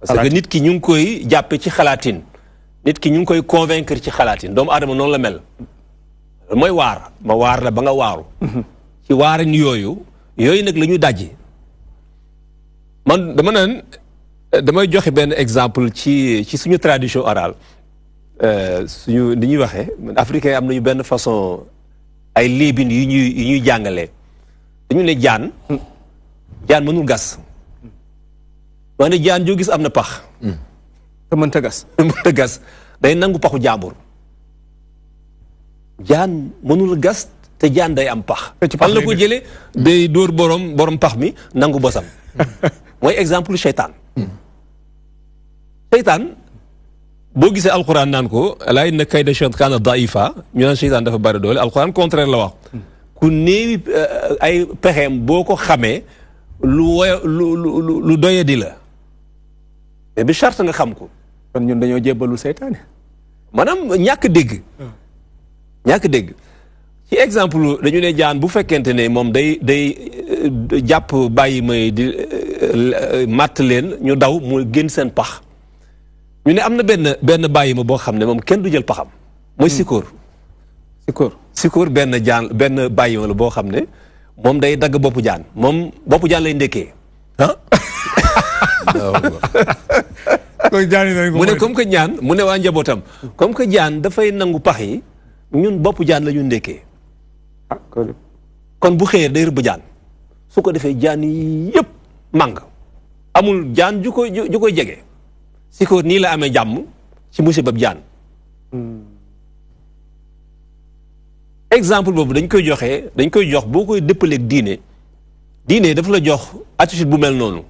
parce que nit ki ñu ngi koy jàppe ci xalaatin. nit ki ñu ngi koy convaincre ci xalaatin doomu aadama noonu la mel. mooy waar ma waar la ba nga waaru. Hmm. ci waarin yooyu. yooyu nag la ñu man dama naan damay joxe benn exemple ci ci suñu tradition orale. Euh, suñu li ñuy waxee africain am nañu benn façon ay léebin yu ñuy yu ñuy dañu ne jaan jaan mënul gas maa ne jaan joo gis am na pax te mënta gas te gas day nangu paxu jàmbur jaan mënul gas te jaan day am pax fan la ko jëlee day dóor borom pax mi nangu bosam mooy exemple seytaan seytaan hmm. boo gisee alquran naan ko laa inna kayda shaytaan kaana daifa ñu naan seytaan dafa bari doole alquran contraire la wax ku néewi eh, ay pexeem boo ko xamee lu woy lu lu lu di la mais bi charte nga xam ko kon ñun dañoo jébbalu seytaane maanaam ñàkk dégg hmm. dégg ci exemple dañu ne jaan bu fekkente ne moom day day eh, jàpp bàyyi may di eh, màtt leen ñu daw mu gën seen pax ñu ne am na benn benn bàyyi ma boo xam ne moom kenn du jël paxam. mooy hmm. sikoor sikkoor sikkoor benn jaan benn bàyyi ma la boo xam ne moom day dagg boppu jaan moom boppu jaan lay ndekkee ah. mu ne comme que jaan mu ne waa njabootam comme que jaan dafay nangu pax yi ñun boppu jaan la ñu ah, kon bu xëyee day rëbb jaan su ko defee jaan yëpp màng amul jaan ju ko ju koy jege. sikóor nii la amee jàmm ci musibab jaan exemple boobu dañ koy joxe dañ koy jox boo koy dëppaleeg diine diine daf la jox attitude bu mel noonu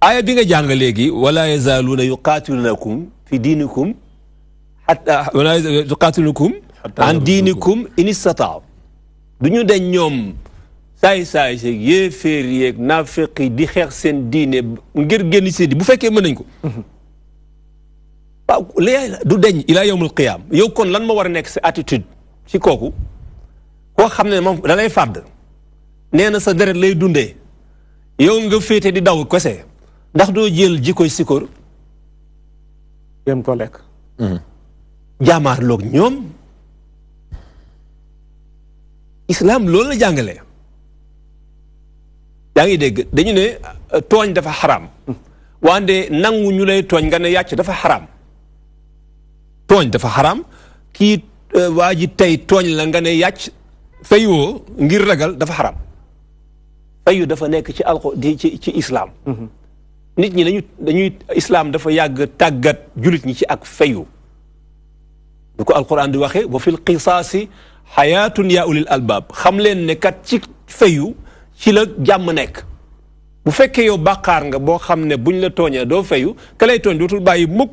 aaya bi nga jàng léegi wala yazaaluuna yuqaatilunakum fi diinikum xata wala yuqaatilunakum an diinikum in istataaw du ñu deñ ñoom saay-saay seeg yéeféer yeeg naafeq yi di xeex seen diine ngir génn seen di bu fekkee mën nañ ko waaw lee du deñ ilaa yawmul qiyaam yow kon lan ma war a nekk si attitude ci kooku koo xam ne moom da lay fàdd nee na sa deret lay dundee yow nga féete di daw kese ndax doo jël jikkoy sikóor jéem ko lekk mhm. jaamaar loog ñoom islaam loolu la jàngale yaa ngi dégg dañu ne tooñ dafa xaraam mhm. wande nangu ñu lay tooñ nga ne yàcc dafa xaraam tooñ dafa xaram kii euh, waa ji tey tooñ la nga ne yàcc fayoo ngir ragal dafa xaram fayu dafa nekk ci alqo di ci ci islaam mhm. nit ñi dañu dañuy islaam dafa yàgg tàggat julit ñi ci ak fayu du ko alquran di waxee wa fil qisaasi xayaatun yaa ulil albaab xam leen ne kat ci fayu ci la jàmm nekk bu fekkee yow bàqaar nga boo xam ne buñ la tooñee doo fayu ka lay tooñ dootul bàyyi mukk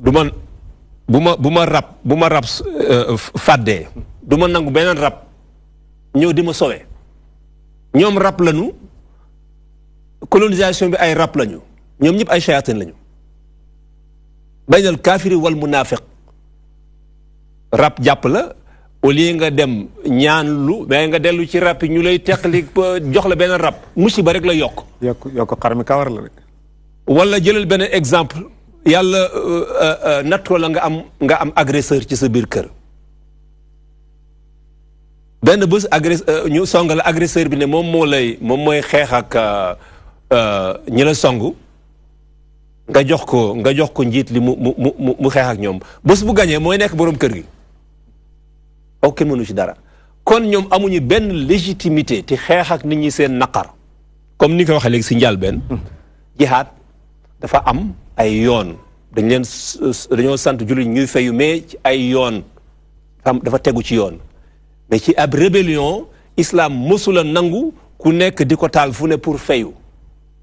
du ma bu ma bu ma rab bu ma rab euh, fàddee du ma nangu beneen rab ñëw di ma sowe ñoom rab lañu colonisation bi ay rab lañu ñoom ñëpp ay shayatin lañu baynal kaafiri wal munaafiq rab jàpp la au lieu nga dem ñaan lu mais nga dellu ci rab yi ñu lay teqali jox la benn rab musiba rek la yokk. yokk yokk xar mi kawar la rek. wala jëlal benn exemple. yàlla euh, euh, euh, nattoo la nga am nga am agresseur ci sa biir kër benn bés agresse ñu song la agresseur bi ne moom moo lay moom mooy xeex ak ñi la song nga jox ko nga jox ko njiit li mu mu xeex ak ñoom bës bu gañee mooy nekk boroom kër gi ok kenn mënu ci dara kon ñoom amuñu benn légitimité ci xeex ak nit ñi seen naqar comme ni nga ko waxee léegi si njaal benn hmm. jihaat dafa am ay yoon dañ leen dañoo sant jullit ñuy fayu mais ci ay yoon xam dafa ci mais ci ab rébellion islam musula nangu ku nekk di fune taal fu ne pour fayu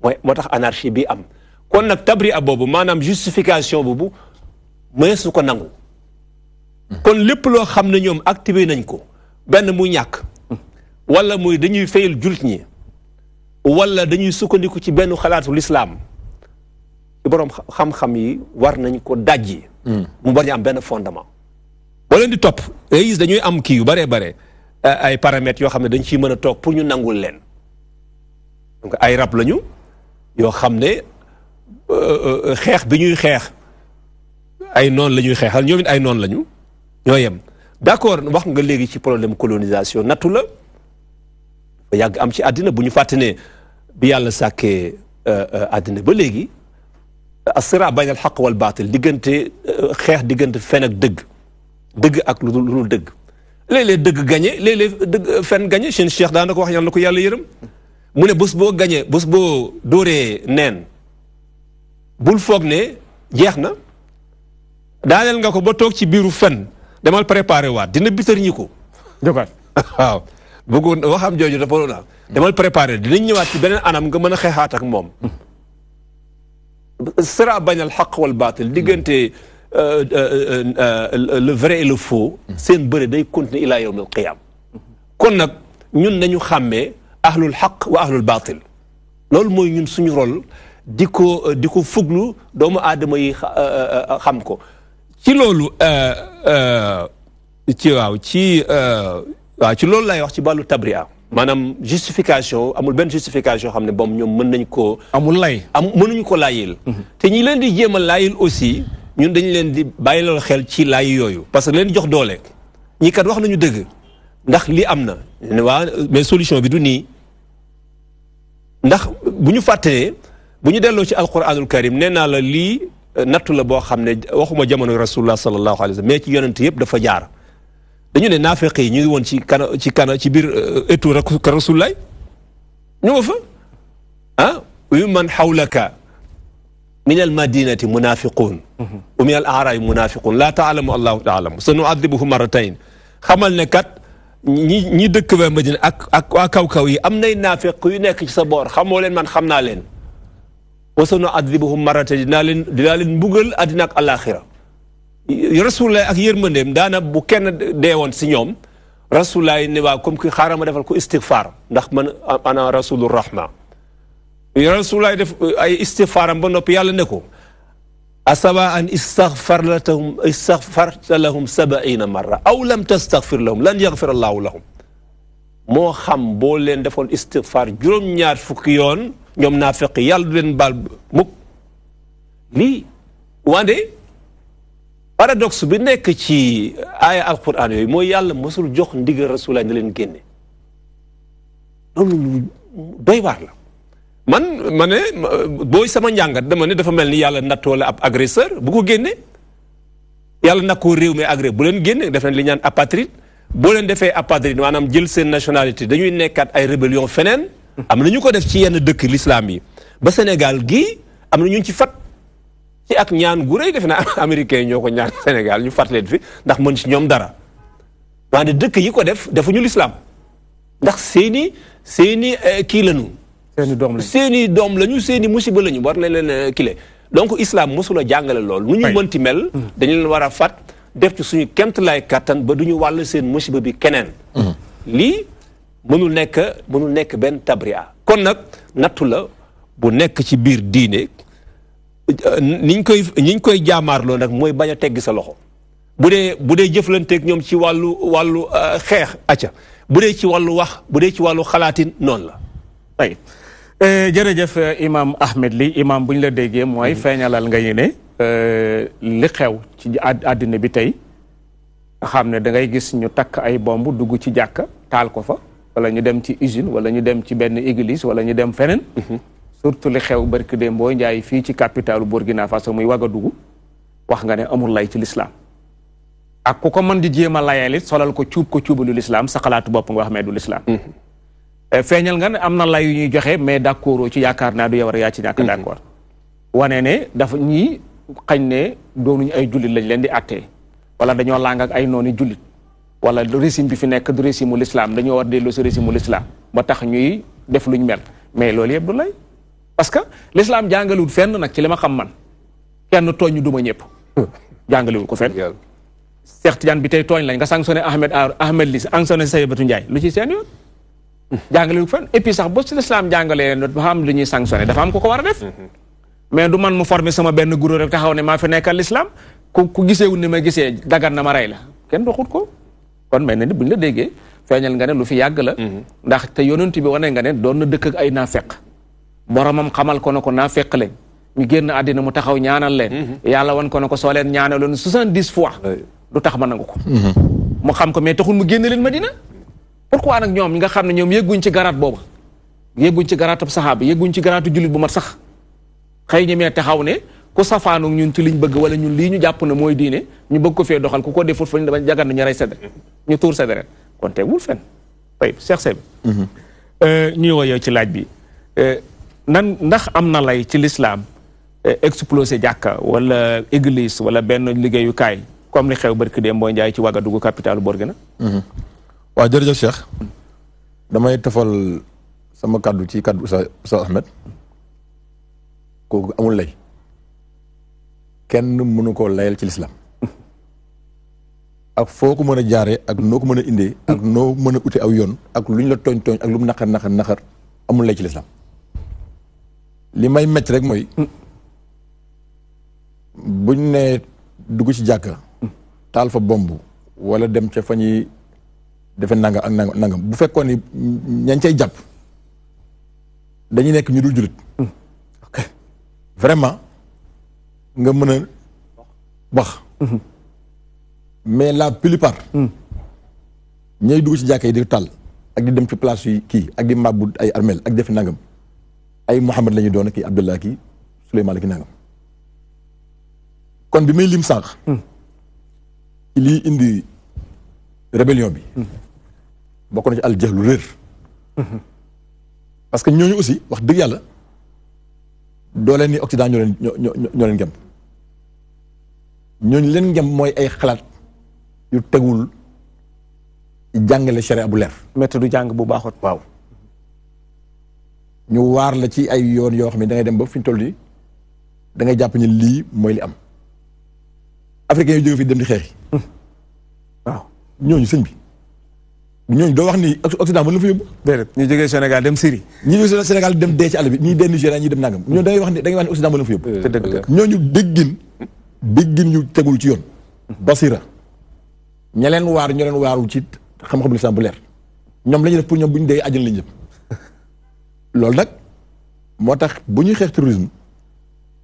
mooy motax anarchie bi am kon nak tabri a manam maanaam justification bobu mënees su ko nangu kon lepp lo xam ñom ñoom activé nañ ko ben mu ñak wala muy dañuy fayal jullit ñi wala dañuy sukkandiku ci benn khalatul islam borom xam-xam yi war nañ ko dajji. Hmm. mu bañ am benn fondement. boo leen di topp day gis dañuy am kii yu baree bare ay paramètres yoo xam ne dañ ciy mën a toog pour ñu nangul leen donc ay rab lañu yoo xam ne euh, euh, xeex bi ñuy xeex ay noon la ñuy xeexal ñoom it ay noon lañu ñoo yem d'accord wax nga léegi ci problème colonisation nattu la yàgg am ci àddina bu ñu fàtte bi yàlla sàkkee euh, àddina ba léegi. الصراع بين الحق والباطل ديغنت خيخ ديغنت فنك دغ دغ اك لول دغ لي لي دغ غاني لي لي دغ فن غاني شين شيخ دا نكو واخ يال نكو يالا ييرم مون بوس بو غاني بوس بو دوري نين بول فوك ني جيخنا دالال نغاكو با توك سي بيرو فن دمال بريباري وات دينا بيتر نيكو دوكات واو بوغون واخام جوجو دا فورو دا دمال بريباري دينا نيوات سي بنين انام غا مانا خيخات اك موم الصراع بين الحق والباطل ديغنتي لو فري لو فو سين بري داي كونت الى يوم القيامه كنا نيون نانيو خامي اهل الحق واهل الباطل لول موي نيون سونو رول ديكو ديكو فوغلو دوما ادمي آه، آه، آه، خامكو تي لولو ا ا تي واو تي ا تي لول لاي واخ تي بالو تبرئه maanaam justification amul benn justification xam ne boom ñoom mën nañ koo amul lay am mënuñu ko laayil mhm. te ñi leen di jéem a laayil aussi ñun dañu leen di bàyyilal xel ci laay yooyu parce que leen jox doole ñi kat wax nañu dëgg ndax lii am na ne mais solution bi du nii ndax bu ñu fàttee bu ñu delloo ci alquranul karim ne naa la lii eh, nattu la boo xam ne waxuma jamono rasulullah sallallahu alayhi wa sallam mais ci yonent yëpp dafa jaar dañu ne naafeq yi ñu ngi woon ci kana ci kana ci biir étu ka rasulullaay ñu nga fa ah wi man xawlaka min al madinati munafiqun wa min al aarabi munafiqun laa taalamu allahu taalamu sa nuadibuhu maratayn xamal ne kat ñi ñi dëkk ba madina ak ak waa kaw-kaw yi am nay naafeq yu nekk ci sa boor xamoo leen man xam naa leen wa sa nuadibuhum maratayn dinaa leen dinaa leen mbugal àddina ak alaxira rasulaay ak yërmandeem daana bu kenn deewoon si ñoom rasulaay ne waa comme que xaaral defal ko istigfaar ndax man ana rasulu rahma rasulaay def ay istigfaaram ba noppi yàlla ne ko asaba an istagfar lahum istagfarta lahum sabaina marra aw lam tastagfir lahum lan yagfir allahu lahum moo xam boo leen defoon istigfaar juróom-ñaar fukki yoon ñoom naa yàlla du leen baal mukk wande paradoxe bi nekk ci aaya alquran yooyu mooy yàlla mësul jox ndigal rasulaay na leen génne loolu doy waar la man ma ne booy sama njàngat dama ne dafa mel ni yàlla nattoo la ab agresseur bu ko génne yàlla nag koo réew mais agré bu leen génne def nañ li ñaan apatride boo leen defee apatride maanaam jël seen nationalité dañuy nekkaat ay rébellion feneen am na ñu ko def ci yenn dëkk lislaam yi ba Sénégal gii am na ñu ci fat ci ak ñaan gu rëy defe naa américains yi ñoo ko ñaan Sénégal ñu fàttaleen fi ndax mën ci ñoom dara wante dëkk yi ko def defuñu lislaam ndax seeni seeni euh, kii lañu seeni doom lañu seeni musiba lañu war nañ leen euh, kile donc islam mosula jàngale lool nu ñu mënti mel mm. dañu leen war a fat def ci suñu kemt lay kàttan ba du ñu wàll seen musiba bi keneen mm. lii mënul nekk mënul nekk benn tabria kon nag nattu la bu nekk ci biir diine niñ koy niñ koy jaamaarloo nag mooy bañ a teggi sa loxo bu dee bu dee jëflanteeg ñoom ci wàllu wàllu euh, xeex acca bu dee ci wàllu wax bu dee ci wàllu xalaatin noonu la ay euh, jërëjëf euh, imaam Ahmed li imam bu ñu la déggee mooy mm-hmm. feeñalal nga ñu ne li xew ci àddina bi tey nga xam ne dangay gis ñu takk ay bomb dugg ci jàkka taal ko fa wala ñu dem ci usine wala ñu dem ci benn église wala ñu dem feneen mm-hmm. surtout li xew barki de mboy ndjay fi ci capital Burkina Faso muy Wagadugu wax nga ne amul lay ci l'islam ak kuko man di jema a layalit solal ko ciub ko ciubul l'islam sa xalaatu bopp nga wax me du lislaam mhm. eh, feñal nga amna lay yu ñuy joxe mais d'accord ci yaakaar naa du yow ya ci ñàkk mhm. d'accord wané né dafa ñii xañ ne doonuñu ay julit lañ leen di atté wala dañu lang ak ay noni julit wala régime bi fi nek du régime l'islam dañu war régime l'islam ba tax ñuy def luñ mel mais lolé parce que l'islam jàngalewul fenn nag ci li ma xam man kenn tooñ duma ñëpp jàngalewul ko fenn Cheikh Tidiane bi tey tooñ lañ nga sanctionné Ahmed Aar Ahmed Lis sanctionné Saybatu Ndiaye lu ciy seen yoon jàngalewul fenn et sax ba si l'islam jàngalee dafa am lu ñuy sanctionné dafa am ko ko war a mm-hmm. mais du man mu former sama benn guru rek taxaw ne maa fi nekkal l'islam ku ku giseewul ni ma gisee dagan na ma rey la kenn doxut ko kon may na ni buñ la déggee feeñal nga ne lu fi yàgg la mm-hmm. ndax te yonent bi wane nga ne doon na dëkk ay naa naafeq boromam xamal ko na ko naa fekk lañ ñu génn àddina mu taxaw ñaanal leen. Mhm. yàlla wan ko ne ko soo leen ñaanaloon soixante-dix fois. du tax ma nangu ko. Mhm. mu xam ko mais taxul mu génn leen ma Madina. pourquoi nag ñoom nga xam ne ñoom yegguñ ci garaat boobu yegguñ ci garaatab saxaaba yegguñ ci garaatu jullit bu mat sax xëy me taxaw ne ko safaanoog ñun ci liñ bëgg wala ñun lii ñu jàpp na mooy diine ñu bëgg ko fee doxal ku ko deful fo ñu dama na ñu rey sa ñu tuur sa deret kon teewul fenn tey Cheikh Seye. Mhm. Euh, ñuy woyoo ci laaj bi. Euh, nan ndax am na lay ci lislaam eh, explosé jàkka wala église wala benn liggéeyukaay comme li xew barki dem boo njaay ci Wagadugu capitale Burkina mhm. waaw jërëjëf Cheikh damay tofal sama kàddu ci kàddu Oustaz Ahmed kooku amul lay kenn mënu koo layal ci lislaam ak foo ku mën a jaaree ak noo ko mën a indee ak noo mën a ute aw yoon ak luñ la tooñ tooñ ak lu mu naqar naqar naqar amul lay ci lislaam li may mecc rek mooy buñ nee dugg ci jàkka taal fa bomb wala dem ca fa ñuy defe nangam ak nangam nangam bu fekkoon ni ñañ cay jàpp dañuy nekk ñu dul jurit vraiment nga mën a wax mhm. mais la plupart mhm. ñay dugg ci jàkka yi di tàll ak di dem ci place yi kii ak di màbbu ay armeel ak defe nangam ay Mouhamed lañuy ñu doon kii Abdullah kii Souleymane ki kon bi may lim sànq. Hmm. lii indi rébellion bi. Hmm. bokk na ci al réer. Hmm. parce que ñooñu aussi wax dëgg yàlla doo leen ni Occident ñoo leen ñoo ñoo leen ngem leen ngem mooy ay xalaat yu tegul jàngale charia bu leer. méthode du jàng bu baaxoot waaw. ñu waar la ci ay yoon yoo xam ne da dem ba fi ñu toll nii da ngay jàpp ni lii mooy li am africains yu jóge fi dem di xeexi waaw ñooñu sëñ bi ñooñu doo wax ni Occident mën la fa yóbbu. déedéet ñu jógee Sénégal dem Syrie. ñi jógee Sénégal dem dee ci àll bi ñii dee Nigéria ñii dem nangam ñooñu da ngay wax ni da ngay wax ni Occident mën la fa yóbbu. te dëgg gin ñooñu déggin déggin ñu tegul ci yoon. basira ña leen waar ña leen waaru ci xam-xam lislaam bu leer ñoom lañu ñuy def pour ñoom bu ñu dee àjjana lañ jëm loolu nag moo tax bu ñuy xeex terrorisme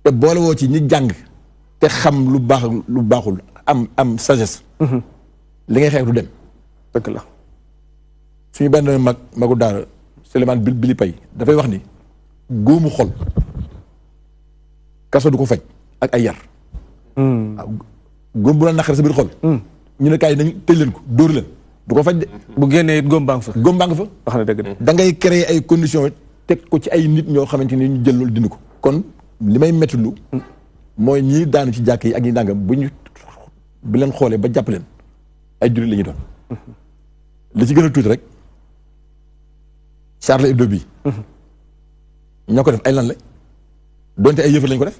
te boole woo ci ñi jàng te xam lu baax baaxul am am sagesse. Mhm. li ngay xeex du dem. dëgg la suñu benn mag magu daara Souleymane Bil Bili Pay dafay wax ni góomu xol kaso du ko faj ak ay yar. Hmm. góom bu la naqare sa biir xol. Hmm. ñu ne kaay nañ tëj leen ko dóor leen du ko faj de. bu génnee it góom baa nga fa. góom baa na da ngay créer ay conditions teg ko ci ay nit ñoo xamante ni ñu jël loolu dindi ko kon li may métti mooy ñii daanu ci jàkk yi ak ñi dàngam bu ñu bu leen xoolee ba jàpp leen ay jullit lañu ñu doon li ci gën a tuuti rek Charlie Hebdo ko def ay lan la donte lañ ko def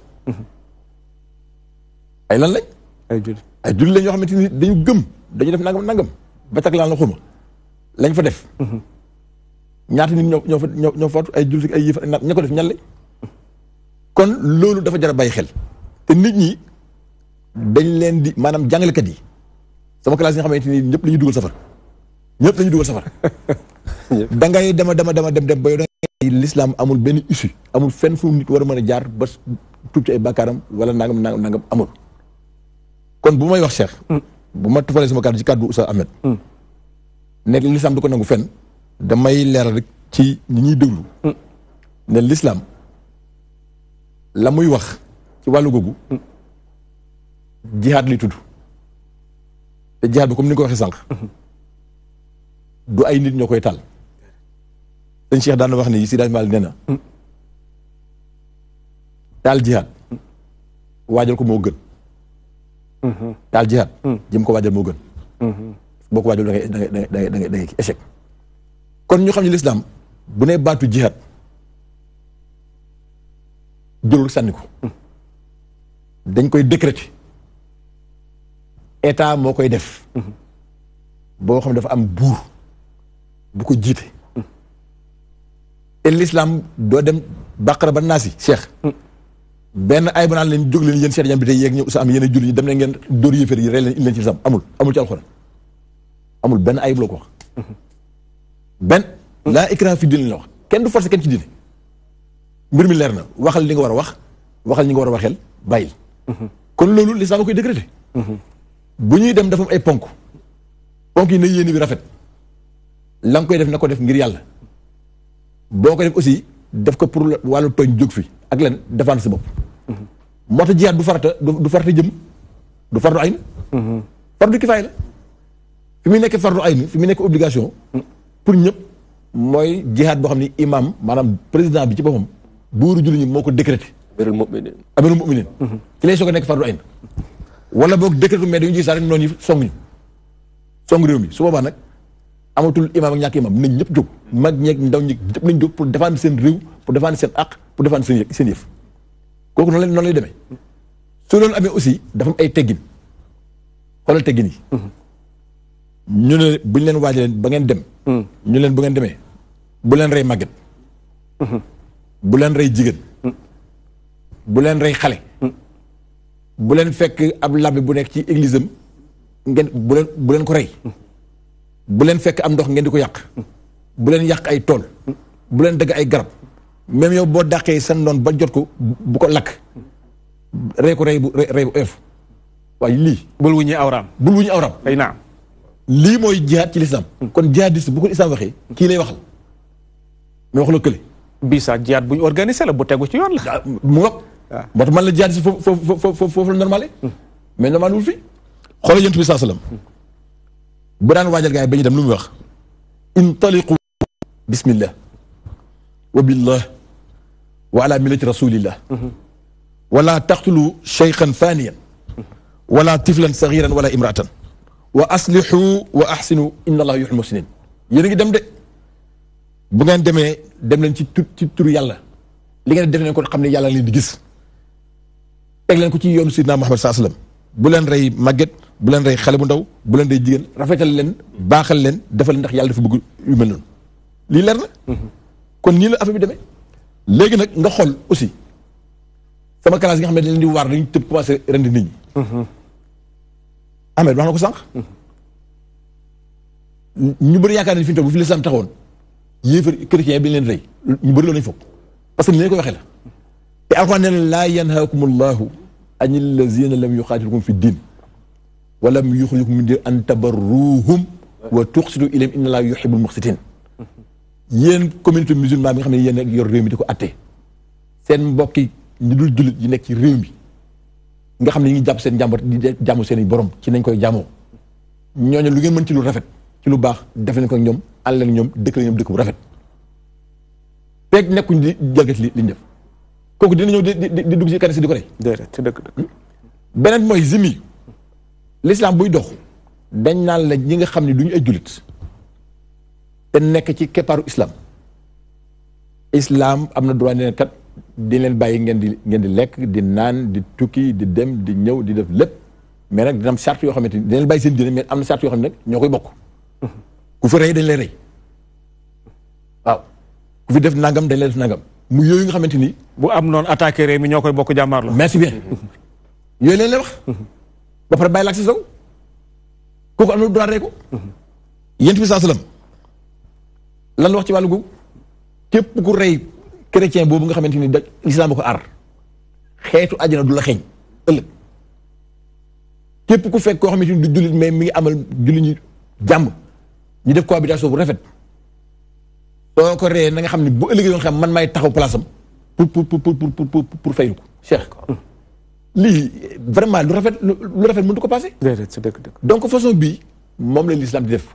ay lan lañ ay jullit ay jullit lañ yoo xamante ni dañu gëm dañu def nangam nangam ba tak laa la xuma lañ fa def ñaata nit ñoo ñoo fa ñoo faatu ay jullit ay yëf ña ko def ñan lañ kon loolu dafa jar a xel te nit ñi dañ leen di maanaam jàngalekat yi sama classe yi nga xamante ni ñëpp la ñuy dugal safar ñëpp la ñuy dugal safar da ngay dema dema dema dem dem ba yow da ngay amul benn issue amul fenn fu nit war a mën a jaar ba tuub ci ay bàkkaaram wala nangam nangam nangam amul kon bu may wax Cheikh mm. bu ma tufalee sama kàddu sa kàddu Oustaz Ahmed mm. nekk l'islam du ko nangu fenn may leeral rek ci ñi ñuy déglu mm. ne lislaam la muy wax ci wàllu googu mm. jihaad li tudd te jihaad bi comme ni nga ko waxee mm-hmm. du ay nit ñoo koy taal sëñ Cheikh daan wax ne yi si daaj maal nee na mm. taal jihaad waajal ko moo gën mm-hmm. taal jihaad jëm ko waajal moo gën mm-hmm. boo ko waajal da ngay da ngay da ngay kon ñu xam ne lislaam bu ne baatu jihaad jëlul sànni ko dañ koy décréter état moo koy def boo xam dafa am buur bu ko jiite te lislaam doo dem bàqara ba naasi cheikh benn ay banaan leen jóg leen yéen seet yam bi tey yeeg ñu sa am yéen a julli dem na ngeen dóor yéefér yi rey leen il leen ci lislam amul amul ci alxuraan amul benn ayib loo ko wax benn laa ikra fi diin la wax kenn du forcé kenn ci diine mbir mi leer na waxal li nga war a wax waxal ñi nga war a waxeel bàyyil kon loolu lislaam a koy décrété bu ñuy dem dafa am ay ponk ponk yi na yéene bi rafet la koy def na ko def ngir yàlla boo ko def aussi def ko pour wàllu tooñ jóg fi ak leen defaan sa bopp moo tax jiyaat du farata du farata jëm du fardu ayn mhm. fardu kifaay la fi muy nekk fardu ay fi muy nekk obligation pour ñëpp mooy jihaad boo xam ni imam maanaam président bi ci boppam buuru julli ñi moo ko décrété amirul muminin amirul muminin ci lay soog a nekk fardu ayn wala boog décrété mais dañu ji saa rek noonu ñu song ñu song réew mi su boobaa nag amatul imam ak ñàkk imam nañ ñëpp jóg mag ñeeg ndaw ñi ñëpp nañ jóg pour défendre seen réew pour défendre seen aq pour défendre seen seen yëf kooku noonu la noonu lay demee su loolu amee aussi dafa am ay teggin xoolal teggin yi ñu ne bu ñu leen waajalee ba ngeen dem. Hmm. ñu leen bu ngeen demee bu leen rey màgget. Hmm. bu leen rey jigéen. Hmm. bu leen rey xale. bu leen fekk ab labbe bu nekk ci église am ngeen bu leen ko rey. bu leen fekk am ndox ngeen di ko yàq. bu leen yàq ay tool. bu leen dagg ay garab. même yow boo dàqee seen noon ba jot ko bu ko lakk. rey ko rey bu rey bu ëff. waaye lii. bul wuññi awraam bul lii mooy jihaad ci lislaam kon jihadiste bu ko lislaam waxee kii lay waxal mais wax la kële bii sax jihaad bu ñu organisé la bu tegu ci yoon la mu ngoog moo tax man la jihadiste foofu foofu foofu la normalé mais normal wul fii xoolal yonent bi saa salaam bu daan waajal gars yi ba ñu dem lu muy wax intaliqu bismillah wa billah wa ala millati rasulillah wala taqtulu cheikhan faniyan wala tiflan sagiran wala imraatan واصلحوا واحسنوا ان الله يحب المحسنين يرغي دم دي بو غان ديمي دم لن سي تي تور يالا لي غان ديف نكو خامني يالا لين دي غيس تك لن كو سي يونس سيدنا محمد صلى الله عليه وسلم بو لن ري ماغيت بو لن ري خالي بو ندو بو دي جيغن رافيتال لن باخال لن دافال ندخ يالا دا فبغ يملن لي ليرنا كون ني لا افي بي ديمي لغي نك نغا اوسي سما كلاس غي خامني لن دي وار دي تيب كوماسي رندي نيت Ahmed wax na ko sànq. ñu bëri yaakaar nañ fi mu bu fi l'islam taxawoon yéefar chrétien bi leen rey ñu bëri loolu lañ foog parce que ni leen ko waxee la te alxuraan nee na yanhaakum allahu an illazina lam yuqaatilukum fi diin wa lam yuxrijukum min an tabarruhum wa tuqsitu ilayhim inna allaha yuhibbul muqsitin yéen communauté musulman bi nga xam ne yéen yor réew mi di ko atte seen mbokki ñu dul jullit yi nekk ci réew mi nga xam ne ñu jàpp seen jàmbat di jàmm seen i borom ci nañ koy jàmmoo ñooñu lu ngeen mën ci lu rafet ci lu baax def leen ko ñoom àll leen ñoom dëkk la ñoom dëkk bu rafet peeg nekkuñ di jalgati li liñ def kooku dina ñëw di di dugg ci kanisi di ko rey. Hmm? beneen mooy zimmi l'islam buy dox dañ naan la ñi nga xam ne du ñu ay jullit te nekk ci keppaaru islam islam am na droit ne di leen bàyyi ngeen di ngeen di lekk di naan di tukki di dem di ñew di def lepp mais nag dina am charte yo xamanteni ni di seen diine mais amna charte yo xam nak ñokoy ñoo bokk ku fa reey dañ leen reey waaw ku fi def nangam dañ leen def nangam mu yoyu nga xamante bu am non attaqué réew mi ñokoy koy bokk jàmmaar la merci bien yooyu leen la wax ba pare bàyyi l'accès si ko kooku am na droit rey ko yentou bi sallam lan wax ci wàllu googu képp ku reey chrétien boobu nga xamante ni da lislaam ko ar xeetu àjjana du la xeeñ ëllëg képp ku fekk koo xamante ni du julit mais mi ngi amal julit ñi jàmm ñu def cohabitation bu rafet soo ko ree na nga xam ne bu ëllëgee yoon xam man may taxaw place am pour pour pour pour pour pour faylu ko cheikh lii vraiment lu rafet lu rafet mënut ko passé. déedéet c'est dëgg dëgg. donc façon bii moom la l'islam di def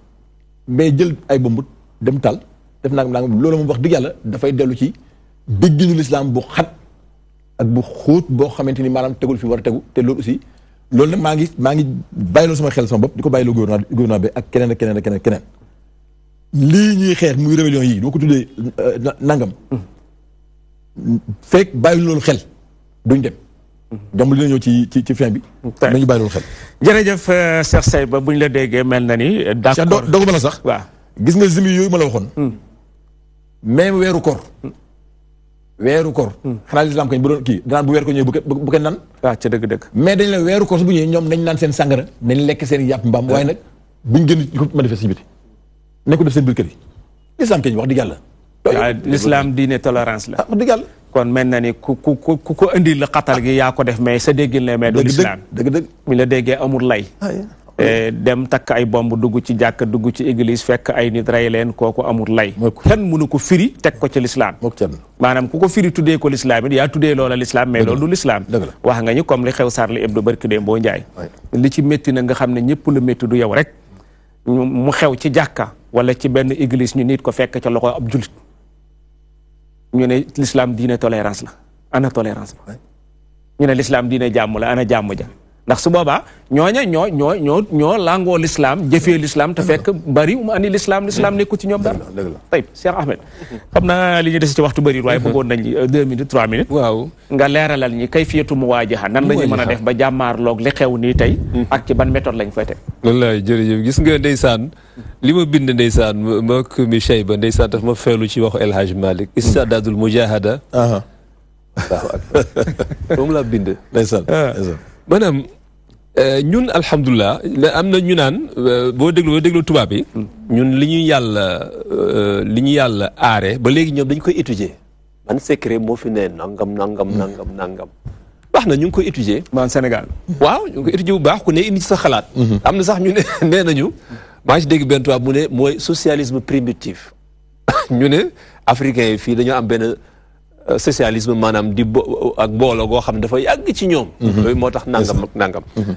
mais jël ay bombut dem tal def naa nangam loolu moom wax dëgg yàlla dafay dellu ci. dégginu lislaam bu xat ak bu xóot boo xamante ni maanaam tegul fi war a tegu te loolu aussi loolu nag maa ngi maa ngi bàyyiloo sama xel sama bopp di ko bàyyiloo gouvernement gouvernement bi ak keneen keneen ak keneen lii ñuy xeex muy rébellion yii doo ko tuddee euh, nangam fekk bàyyi loolu xel duñ dem jàmm li na ci ci ci fin bi nañu bàyyi loolu xel jërëjëf euh, Cheikh ba bu ñu la déggee mel na ni d'accord dogu ma la sax waaw gis nga zimi yooyu ma la waxoon hmm. même weeru koor hmm. weeru koor hmm. xanaa lislaam kañ bu doon kii danaan bu weer ko ñëwee bu kenn nan waaw ah, dëgg dëgg mais dañ la weeru koor su bu ñëwee ñoom nañ naan seen sàngara nañ lekk seen yàpp mbaam ah. waaye nag buñ génn ko manifeste si biti nañ ko def seen biir kër yi lislaam kañ wax dëgg yàlla ah, lislaam diine tolérance la wax dëgg yàlla kon mel na ni ku ku ku ko indil la xatal gi yaa ko def mais sa déggil ne mais du lislaam dëgg dëgg mi la déggee amul lay Eh, dem takk ay bomb dugg ci jàkk dugg ci église fekk ay nit rey leen kooku amul lay kenn mënu ko firi teg ko ci lislaam maanaam ku ko firi tuddee ko lislaam it yaa tuddee loola lislaam mais loolu du lislaam wax nga ñu comme li xew Charlie Hebdo barki dee boo njaay li ci métti na nga xam ne ñëpp la métti du yow rek mu xew ci jàkka wala ci benn église ñu nit ko fekk ca loxo ab julit ñu ne lislaam diine tolérance la ana tolérance ba ñu ne lislaam diine jàmm la ana jàmm ja ndax su boobaa ñooña ñoo ñoo ñoo ñoo langoo lislaam jëfee lislaam te fekk bari mu andi lislaam lislaam nekku ci ñoom dara tayib Cheikh Ahmed xam naa li ñu des ci waxtu bëri waaye bëggoon nañ euh, deux minutes trois minutes nga leeralal ñi kay fiyatu mu waajaxa nan la ñu mën a def ba jàmmaarloog li xew nii tey mm-hmm. ak ci ban méthode lañ fay teg wallaay jërëjëf gis nga ndeysaan mm-hmm. li ma bind ndeysaan mbak mi Cheyba ndeysaan daf ma feelu ci waxu El Hadj Malick mm-hmm. istadaadul mujahada waaw moom laa bind ndeysaan ah. maanaam Euh, ñun alhamdulilah am na ñu naan euh, boo déglu déglu tubaab yi. Hmm. ñun li ñu yàlla euh, li ñu yàlla aare ba léegi ñoom dañ koy étudier man secret moo fi ne nangam nangam hmm. nangam nangam. baax na ñu ngi koy étudier. man Sénégal. waaw ñu ngi koy étudier bu baax ku ne indi ci sa xalaat. Hmm. am na sax ñu ne nee nañu. maa ci dégg benn tubaab mu ne mooy socialisme primitif. ñu ne africain yi fii dañoo am benn. socialisme maanaam di ak booloo goo xam ne dafa yàgg ci ñoom. Mhm. moo tax nangam ak nangam. Mhm.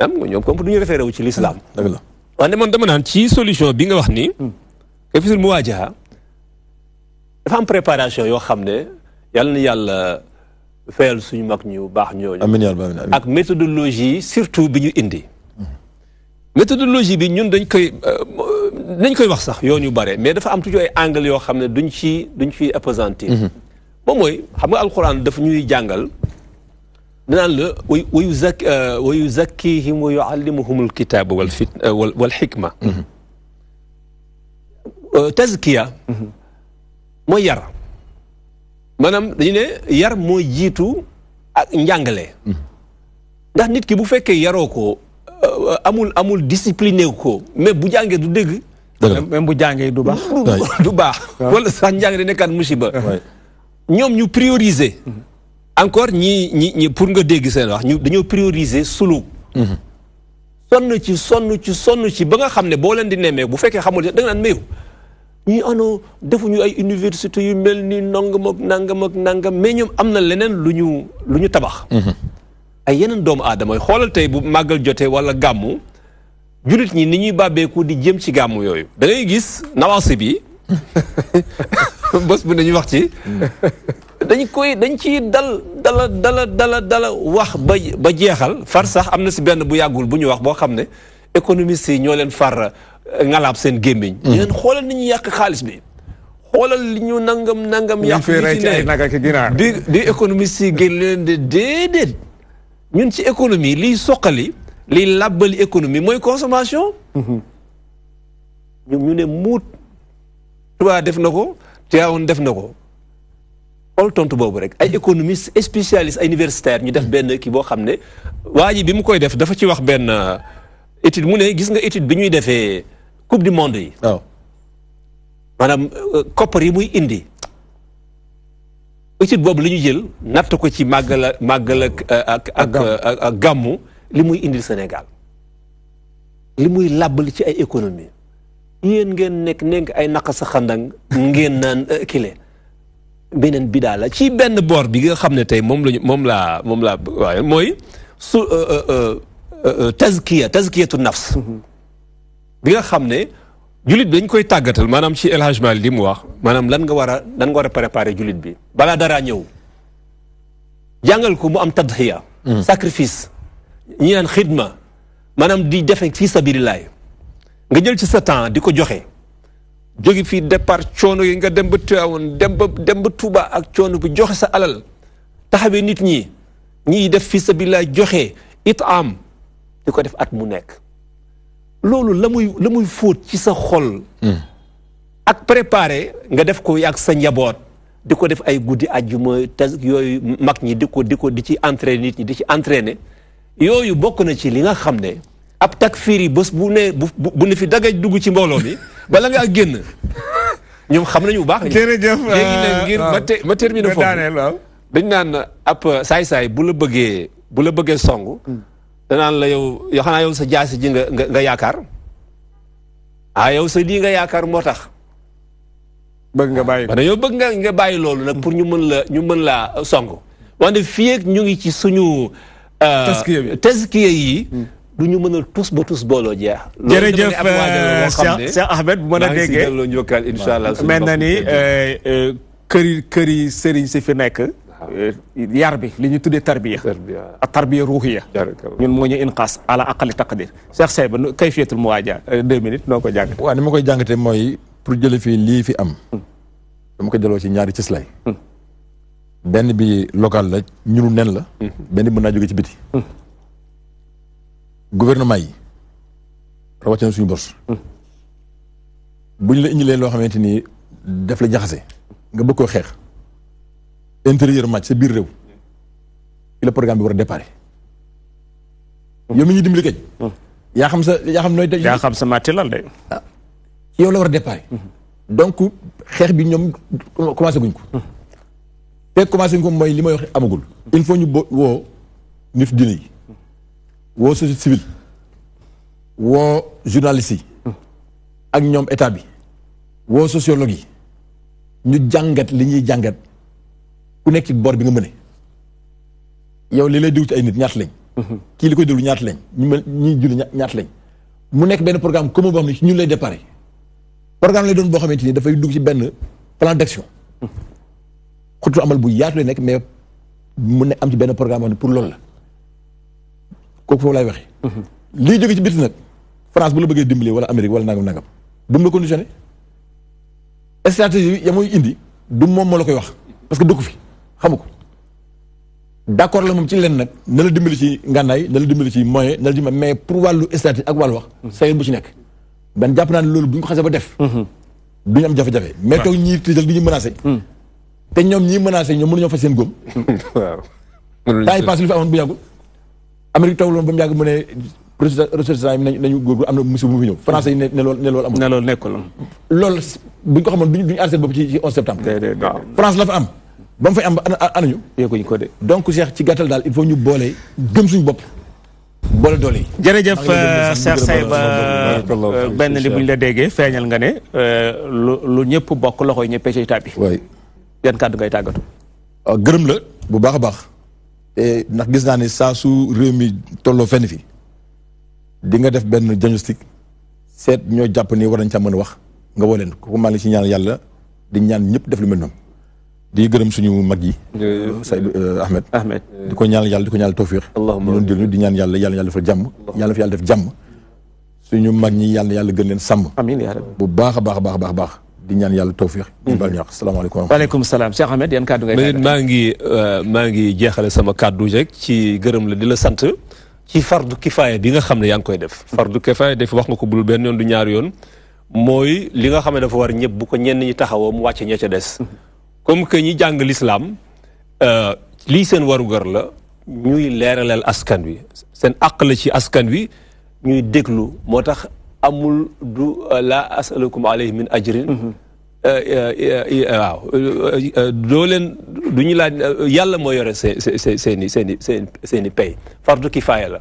am nga ñoom comme du ñu référé wu ci l'islam. Mm-hmm. dëgg la wante man dama naan ci solution bi nga wax ni. que mm. fisul mu waajaha dafa am préparation yoo xam ne yàlla na yàlla fayal suñu mag ñu baax ñooñu. amiin yaa rabbal aalamiin ak méthodologie surtout bi ñu indi. Mm-hmm. méthodologie bi ñun dañ koy euh, dañ koy wax sax yoon yu bare mais dafa am tu ay angle yoo xam ne duñ ci duñ ciy appesantir. Mm-hmm. moom mooy xam nga alxuraan daf ñuy jàngal danaan la wa wa yuzak euh, wa yuzakkihim wa yuallimuhum alkitaaba wal fit euh, wal xikma mhm. euh, tazkiya mooy yar maanaam dañu ne yar mooy jiitu ak njàngale mhm. ndax nit ki bu fekkee yaroo ko amul amul discipliné ko mais bu jàngee du dégg même bu jàngee du baax du baax wala sax njàng di nekkaat musiba ñoom ñu prioriser. Mm-hmm. encore ñi ñi ñi pour nga dégg seen wax ñu dañoo prioriser suluk. Mm-hmm. sonn ci sonn ci sonn ci ba nga xam ne boo leen di nemmee bu fekkee xamul da nga naan mayu ñi ano ah defuñu ay université yu mel ni nangam ak nangam ak nangam mais ñoom am na leneen lu ñu lu ñu tabax. Mm-hmm. ay yeneen doomu aadama yi xoolal tey bu màggal jotee wala gàmmu jullit ñi ni ñuy bàbbeeku di jëm ci gàmmu yooyu da ngay gis nawaasi bi. bés bu ne ñu wax ci. dañ koy dañ ci dal dala dala dala dala wax ba ba jeexal far sax am na si benn bu yàggul bu ñu wax boo xam ne économistes yi ñoo leen far euh, ngalaab seen gémmiñ. Hmm. ñu leen xoolal ni ñu yàq xaalis bi. xoolal li ñu nangam nangam. yàq li ci ne bi bi économistes yi génn leen de déedéet ñun ci économie liy soqali liy làbbali économie mooy consommation. Hmm. ñu ne muut. tubaab def na ko. Tivaouane def na ko xool tontu boobu rek ay économistes spécialistes ay universitaires ñu def benn kii boo xam ne waa bi mu koy def dafa ci wax benn euh, étude mu ne gis nga étude bi ñuy defee coupe du monde yi. maanaam euh, koppar yi muy indi. étude boobu li ñu jël natt ko ci màgg la màggal ak euh, ak gàmmu li muy indil Sénégal li muy làbbal ci ay économie yéen ngeen nekk nekk ay naqa sa ngeen naan eh, kile beneen bidaa la ci benn boor bi nga xam ne tey moom lañu moom laa moom laa waaye mooy su eh, eh, tazkiya tazkiyatu nafs bi nga xam ne julit bi dañ koy tàggatal maanaam ci El Hadj Malick li mu wax maanaam lan nga war a lan nga war a préparer julit bi balaa daraa ñëw jàngal ko mu am tadxiya hmm. sacrifice ñi naan xidma maanaam di defe fii sabilillahi nga jël ci sa temps di ko joxe jóge fi départ coono yi nga dem ba Tiwaawoon dem ba dem ba Touba ak coono bi joxe sa alal taxawee nit ñi ñiy def fi sa sabilillah joxe it am di ko def at mu nekk loolu la muy la muy fóot ci sa xol. Hmm. ak préparé nga def ko ak sa njaboot. di ko def ay guddi àjjuma te yooyu mag ñi di ko di ko di ci entraîner nit ñi di ci entraîner yooyu bokk na ci li nga xam ne. ab takfiir yi bés bu ne bu ne fi dagay dugg ci mbooloo mi bala ngaa génn ñoom xam nañu bu baax. jërëjëf léegi nag euh, ngir foofu dañ naan ab saay-saay bu la bëggee bu la bëggee song. Hmm. danaan la yow yoo xanaa yow sa jaas ji nga nga yaakaar ah yow sa lii nga yaakaar moo tax. bëgg nga bàyyi ah, ko yow bëgg nga nga bàyyi loolu nag pour ñu mën la ñu mën laa song. wante fii ñu ngi ci suñu. Euh, taskiya yi. Hmm. duñu mënal tous ba tous bolo jeex. jërëjëf Cheikh Cheikh Ahmed bu mën a inshallah mel na ni kër yi kër yi sëriñ si fi nekk. yar bi li ñu tarbiya. tarbiya ruhiya ñun mo ñu inqas ala aqali taqdir. Cheikh Seyba kayfiyatul muwaja 2 eh, minutes noko jang wa ni makoy koy moy pour jële fi li fi am. dama hmm. ko jëlo ci ñaari slay hmm. ben bi local la ñu nen la. Hmm. ben bi mën naa ci biti. gouvernement yi rawatina suñu bos. Hmm. buñ la indilee loo xamante ni def la jaxase. nga bëgg koo xeex. intérieurement ci sa biir réew. bi war a hmm. yow mi ñu dimbali kañ. Hmm. yaa xam sa yaa xam nooy. yaa xam sa màtti lan de. Ah, yow la war a déparé. donc xeex bi ñoom commencé guñ ko. te commencé guñ ko mooy li may wax amagul. il faut ñu bo nit dina yi. woo société civile woo journalistes ak ñoom état bi woo sociologue ñu jàngat li ñuy jàngat ku nekk ci bor bi nga mëne yow li lay déglu ci ay nit ñaata lañ mhm. kii li koy déglu ñaata lañ ñu mel ñuy julli ñaata lañ mu nekk benn programme commun boo xam ne ci ñun lay déparé programme lay doon boo xamante ni dafay dugg ci benn plan d'action mhm. xutu amal bu yaatu lay nekk mais mu ne am ci benn programme wax pour loolu la kooku foofu laay waxee. liy jóge ci biti nak France bu la bëggee dimbali wala amerique wala nangam nangam bu mu conditionné stratégie bi ya indi du mom mo la koy wax parce que dëkku fi xamuko d'accord la mom ci len nak na la dimbali ci ngànnaay na la dimbali ci moyen na la dimbali mais pour walu stratégie ak wàllu wax. saytu bu ci nek ben japp na ne loolu bu ko xasse ba def. duñ am jafé jafé mais toog ñiy tiital di menacer menacé. Hmm. ñom ñi menacer ñom mënu ñu fa seen góom. waaw. temps pass lu fa amoon bu yagul Amérique taw loon ba mu yàgg mu ne nañu nañu góorgóorlu am na musiba mu fi ñëw français yi ne ne loolu ne loolu amul. ne loolu bu ñu ko xamoon duñu aar seen bopp ci ci septembre. France la fa am ba mu fay am ba ana ñu. yegguñu ko de donc Cheikh ci gàttal daal il faut ñu boole gëm suñu bopp. boole doole yi. jërëjëf euh, Cheikh Sayba euh, benn li bu ñu la déggee feeñal nga ne euh, lu lu ñëpp bokk loxo yi ñëppee ci tàbbi. waay ka kàddu ngay tàggatu. Ah, gërëm la bu baax baax. Eh, ndax gis naa ni saa su réew mi tolloo fenn fi di nga def benn diagnostic seet ñoo jàpp ni war nañ caa mën a wax nga woo leen kooku maa ngi ci ñaan yàlla di ñaan ñëpp def lu mel noonu di gërëm suñu mag yi. Seydou eh, Ahmed. Ahmed di ko ñaan yàlla di ko ñaan tawfiq. allahumma ñu doon di ñaan yàlla yàlla yàlla defal jàmm. yàlla fi yàlla def jàmm. suñu mag ñi yàlla yàlla gën leen sàmm. amiin yaa rabbi bu baax baax baax a baax. di ñaan yàlla tawfiq di bal ñaax mhm. salaamaaleykum alaykum salaam Cheikh Ahmed yan kaddu ngay maa ngi euh, maa ngi jeexale sama kaddu rek ci gërëm la di la sant ci fardu kifaaya bi nga xam ne yaa ngi koy def fardu kifaaya def wax nga ko bul benn yoon du ñaari yoon mooy li nga xam ne dafa war ñëpp bu ko ñenn ñi taxawoo mu wàcce ña ca des comme que ñi jàng lislaam euh, lii seen warugar la ñuy leeralal askan wi seen àq la ci askan wi ñuy déglu moo tax amul du euh, laa asalukum alayhi min ajrin mhm. euh, euh, waaw doo laaj yàlla moo yore seen seen seen pay fardu kifaaya la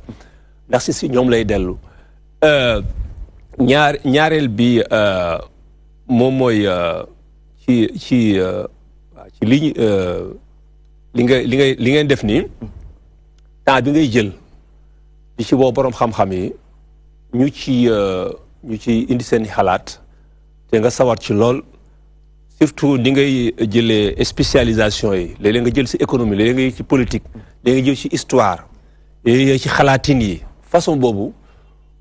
ndax si ñoom lay dellu ñaar ñaareel bi moom mooy ci ci ci li ñu li nga li ngay ngeen def nii temps bi ngay jël di ci boo boroom xam-xam yi ñu ci euh, ñu ci indi seen xalaat te nga sawar ci lool surtout ni ngay jëlee spécialisation yi léeg nga jël si économie léeg nga jël ci politique léeg nga ci histoire ci xalaatin yi façon boobu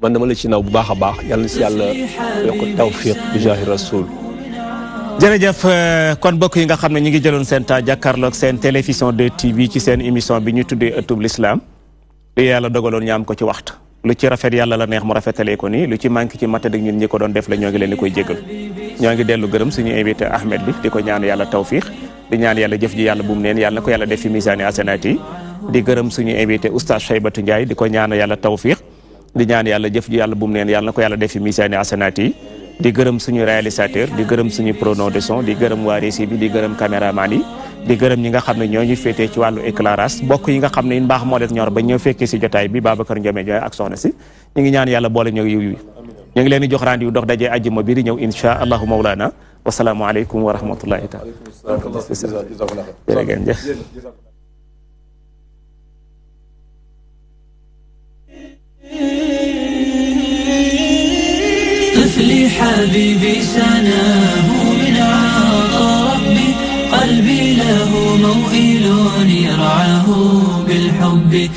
man dama la ci naw bu baax a baax yàlla na si yàlla yokk tawfiq bi jaahi rasul jërëjëf euh, kon mbokk yi nga xam ne ñu ngi jëloon seen temps jàkkaarloog seen télévision 2TV ci seen émission bi ñu tuddee ëttub l'islam li yàlla dogaloon ñaam ko ci waxtu lu ci rafet yàlla la neex mu rafetalee ko nii lu ci manqué ci matadik ñun ñi ko doon def la ñoo ngi leen di koy jégal ñoo dellu gërëm suñu invité Ahmed bi di ko ñaanu yàlla tawfiix di ñaan yàlla jëf ji yàlla bu mu neen yàlla ko yalla def fi misaani asanaat yi di gërëm suñu invité oustaz Cheybatu Ndiaye di ko ñaanu yàlla tawfiix di ñaan yàlla jëf ji yàlla bu mu neen yàlla ko yàlla def fi misaani asanaat di gërëm suñu réalisateur di gërëm suñu preneur de son di gërëm waa régie bi di gërëm caméraman yi di gërëm ñi nga xam ne ñoo ñu féetee ci wàllu éclairage mbokk yi nga xam ne mbaax moo leen ñor ba ñëw fekkee si jotaay bi Babacar Ndiome Ndiaye ak soxna si ñu ngi ñaan yàlla boole ñëw yiw yi ñu ngi leen di jox rendez-vous dox dajee àjjuma bi di ñëw insha allahu mawlana wasalaamualeykum wa rahmatullahi taala jërëjëf مثلي حبيبي سناه من عطى ربي قلبي له موئل يرعاه بالحب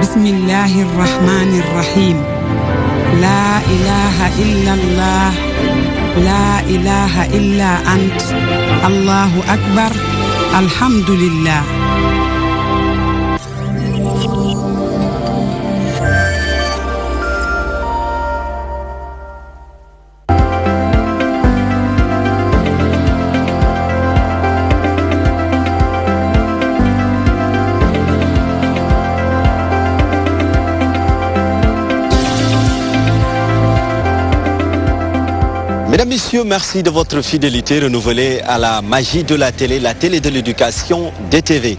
بسم الله الرحمن الرحيم لا إله إلا الله لا إله إلا أنت الله أكبر الحمد لله Monsieur, merci de votre fidélité renouvelée à la magie de la télé, la télé de l'éducation DTV.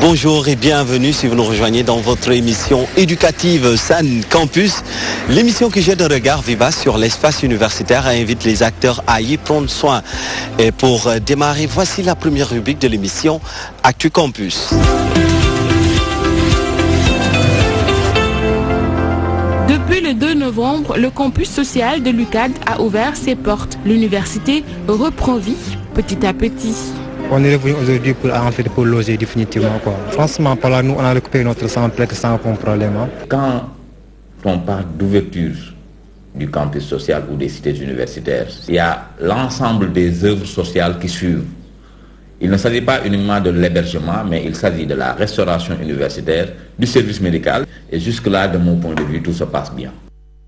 Bonjour et bienvenue si vous nous rejoignez dans votre émission éducative San Campus. L'émission qui jette un regard vivace sur l'espace universitaire et invite les acteurs à y prendre soin. Et pour démarrer, voici la première rubrique de l'émission Actu Campus. le 2 novembre, le campus social de l'UCAD a ouvert ses portes. L'université reprend vie petit à petit. On est revenu aujourd'hui pour, en pour loger définitivement. Quoi. Franchement, par là, nous, on a récupéré notre centre sans aucun problème. Hein. Quand on parle d'ouverture du campus social ou des cités universitaires, il y a l'ensemble des œuvres sociales qui suivent il ne s'agit pas uniquement de l'hébergement, mais il s'agit de la restauration universitaire, du service médical. Et jusque-là, de mon point de vue, tout se passe bien.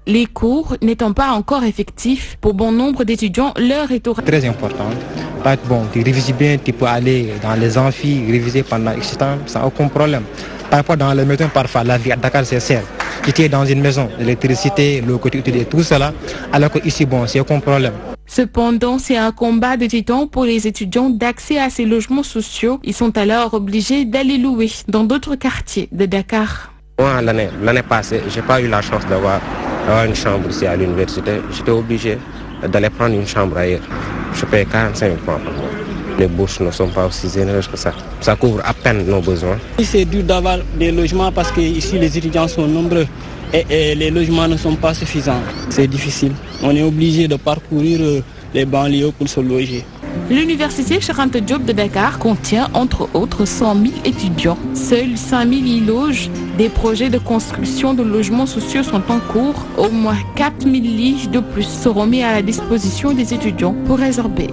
Les cours n'étant pas encore effectifs, pour bon nombre d'étudiants, l'heure est au... Très importante. Pas bon, tu révises bien, tu peux aller dans les amphis, réviser pendant X temps, sans aucun problème. Parfois dans les maisons, parfois la vie à Dakar c'est serre. Tu es dans une maison, l'électricité, l'eau tu utilises, tout cela. Alors que ici, bon, c'est aucun problème. Cependant, c'est un combat de titans pour les étudiants d'accès à ces logements sociaux. Ils sont alors obligés d'aller louer dans d'autres quartiers de Dakar. Moi, l'année passée, je n'ai pas eu la chance d'avoir une chambre ici à l'université. J'étais obligé d'aller prendre une chambre ailleurs. Je paye 45 000 francs Les bourses ne sont pas aussi généreuses que ça. Ça couvre à peine nos besoins. C'est dur d'avoir des logements parce que ici les étudiants sont nombreux et, les logements ne sont pas suffisants. C'est difficile. On est obligé de parcourir euh, les banlieues pour se loger. L'université Charente Diop de Dakar contient entre autres 100 000 étudiants. Seuls 5 000 y logent. Des projets de construction de logements sociaux sont en cours. Au moins 4 000 lits de plus seront mis à la disposition des étudiants pour résorber.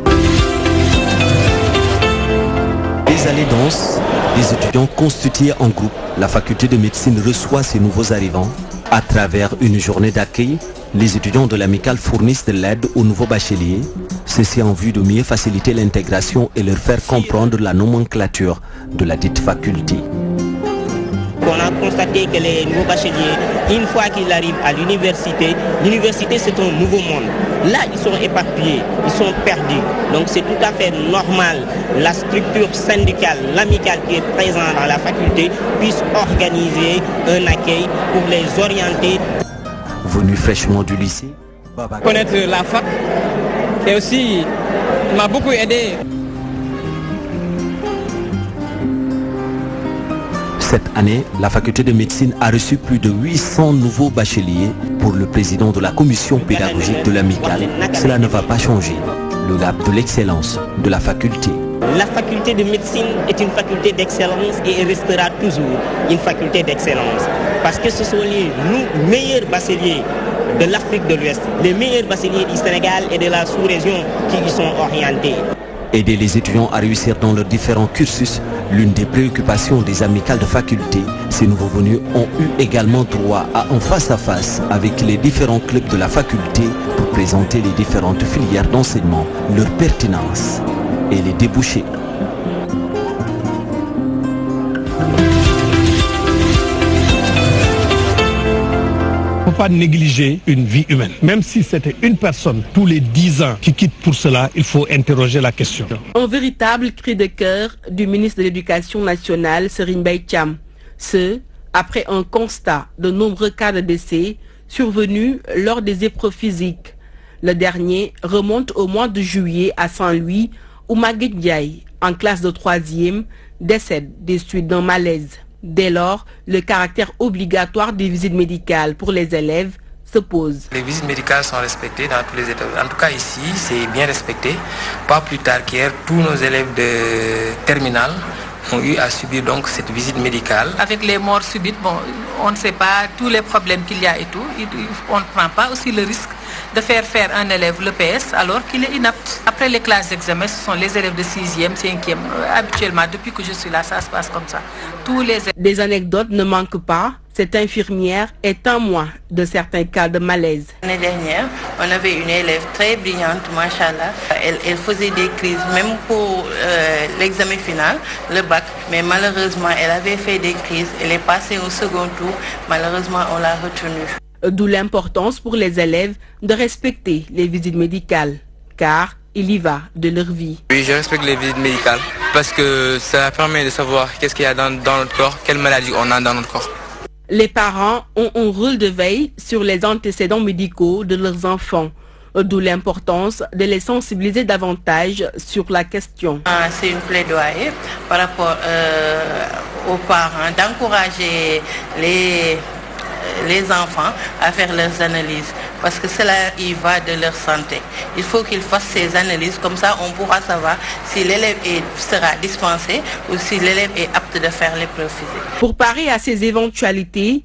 Les allées danses, les étudiants constitués en groupe. La faculté de médecine reçoit ces nouveaux arrivants à travers une journée d'accueil, les étudiants de l'amicale fournissent de l'aide aux nouveaux bacheliers, ceci en vue de mieux faciliter l'intégration et leur faire comprendre la nomenclature de la dite faculté. On a constaté que les nouveaux bacheliers, une fois qu'ils arrivent à l'université, l'université c'est un nouveau monde. Là, ils sont éparpillés, ils sont perdus. Donc c'est tout à fait normal. La structure syndicale, l'amicale qui est présente dans la faculté puisse organiser un accueil pour les orienter. Venu fraîchement du lycée, Connaître la fac et aussi m'a beaucoup aidé. Cette année, la faculté de médecine a reçu plus de 800 nouveaux bacheliers pour le président de la commission pédagogique de l'amicale. Cela ne va pas changer. Le lab de l'excellence de la faculté. La faculté de médecine est une faculté d'excellence et restera toujours une faculté d'excellence. Parce que ce sont les meilleurs bacheliers de l'Afrique de l'Ouest, les meilleurs bacheliers du Sénégal et de la sous-région qui y sont orientés. Aider les étudiants à réussir dans leurs différents cursus, l'une des préoccupations des amicales de faculté, ces nouveaux venus ont eu également droit à un face-à-face avec les différents clubs de la faculté pour présenter les différentes filières d'enseignement, leur pertinence et les débouchés pas négliger une vie humaine. Même si c'était une personne tous les dix ans qui quitte pour cela, il faut interroger la question. Un véritable cri de cœur du ministre de l'Éducation nationale, Serine Baïtiam. Ce, après un constat de nombreux cas de décès survenus lors des épreuves physiques. Le dernier remonte au mois de juillet à Saint-Louis, où Ndiaye, en classe de troisième, décède des suites d'un malaise. Dès lors, le caractère obligatoire des visites médicales pour les élèves se pose. Les visites médicales sont respectées dans tous les états. En tout cas ici, c'est bien respecté. Pas plus tard qu'hier, tous nos élèves de terminale ont eu à subir donc cette visite médicale. Avec les morts subites, bon, on ne sait pas tous les problèmes qu'il y a et tout. On ne prend pas aussi le risque de faire faire un élève le PS alors qu'il est inapte. Après les classes d'examen, ce sont les élèves de 6e, 5e. Euh, habituellement, depuis que je suis là, ça se passe comme ça. Tous les Des anecdotes ne manquent pas. Cette infirmière est en moi de certains cas de malaise. L'année dernière, on avait une élève très brillante, machallah. Elle, faisait des crises, même pour euh, l'examen final, le bac. Mais malheureusement, elle avait fait des crises. Elle est passée au second tour. Malheureusement, on l'a retenue. Euh, d'où l'importance pour les élèves de respecter les visites médicales, car il y va de leur vie. Oui, je respecte les visites médicales parce que ça permet de savoir qu'est-ce qu'il y a dans, notre corps, quelle maladie on a dans notre corps. Les parents ont un rôle de veille sur les antécédents médicaux de leurs enfants, euh, d'où l'importance de les sensibiliser davantage sur la question. Ah, c'est une plaidoyer par rapport euh, aux parents d'encourager les les enfants à faire leurs analyses parce que cela y va de leur santé. Il faut qu'ils fassent ces analyses, comme ça on pourra savoir si l'élève sera dispensé ou si l'élève est apte de faire l'épreuve physique. Pour parer à ces éventualités,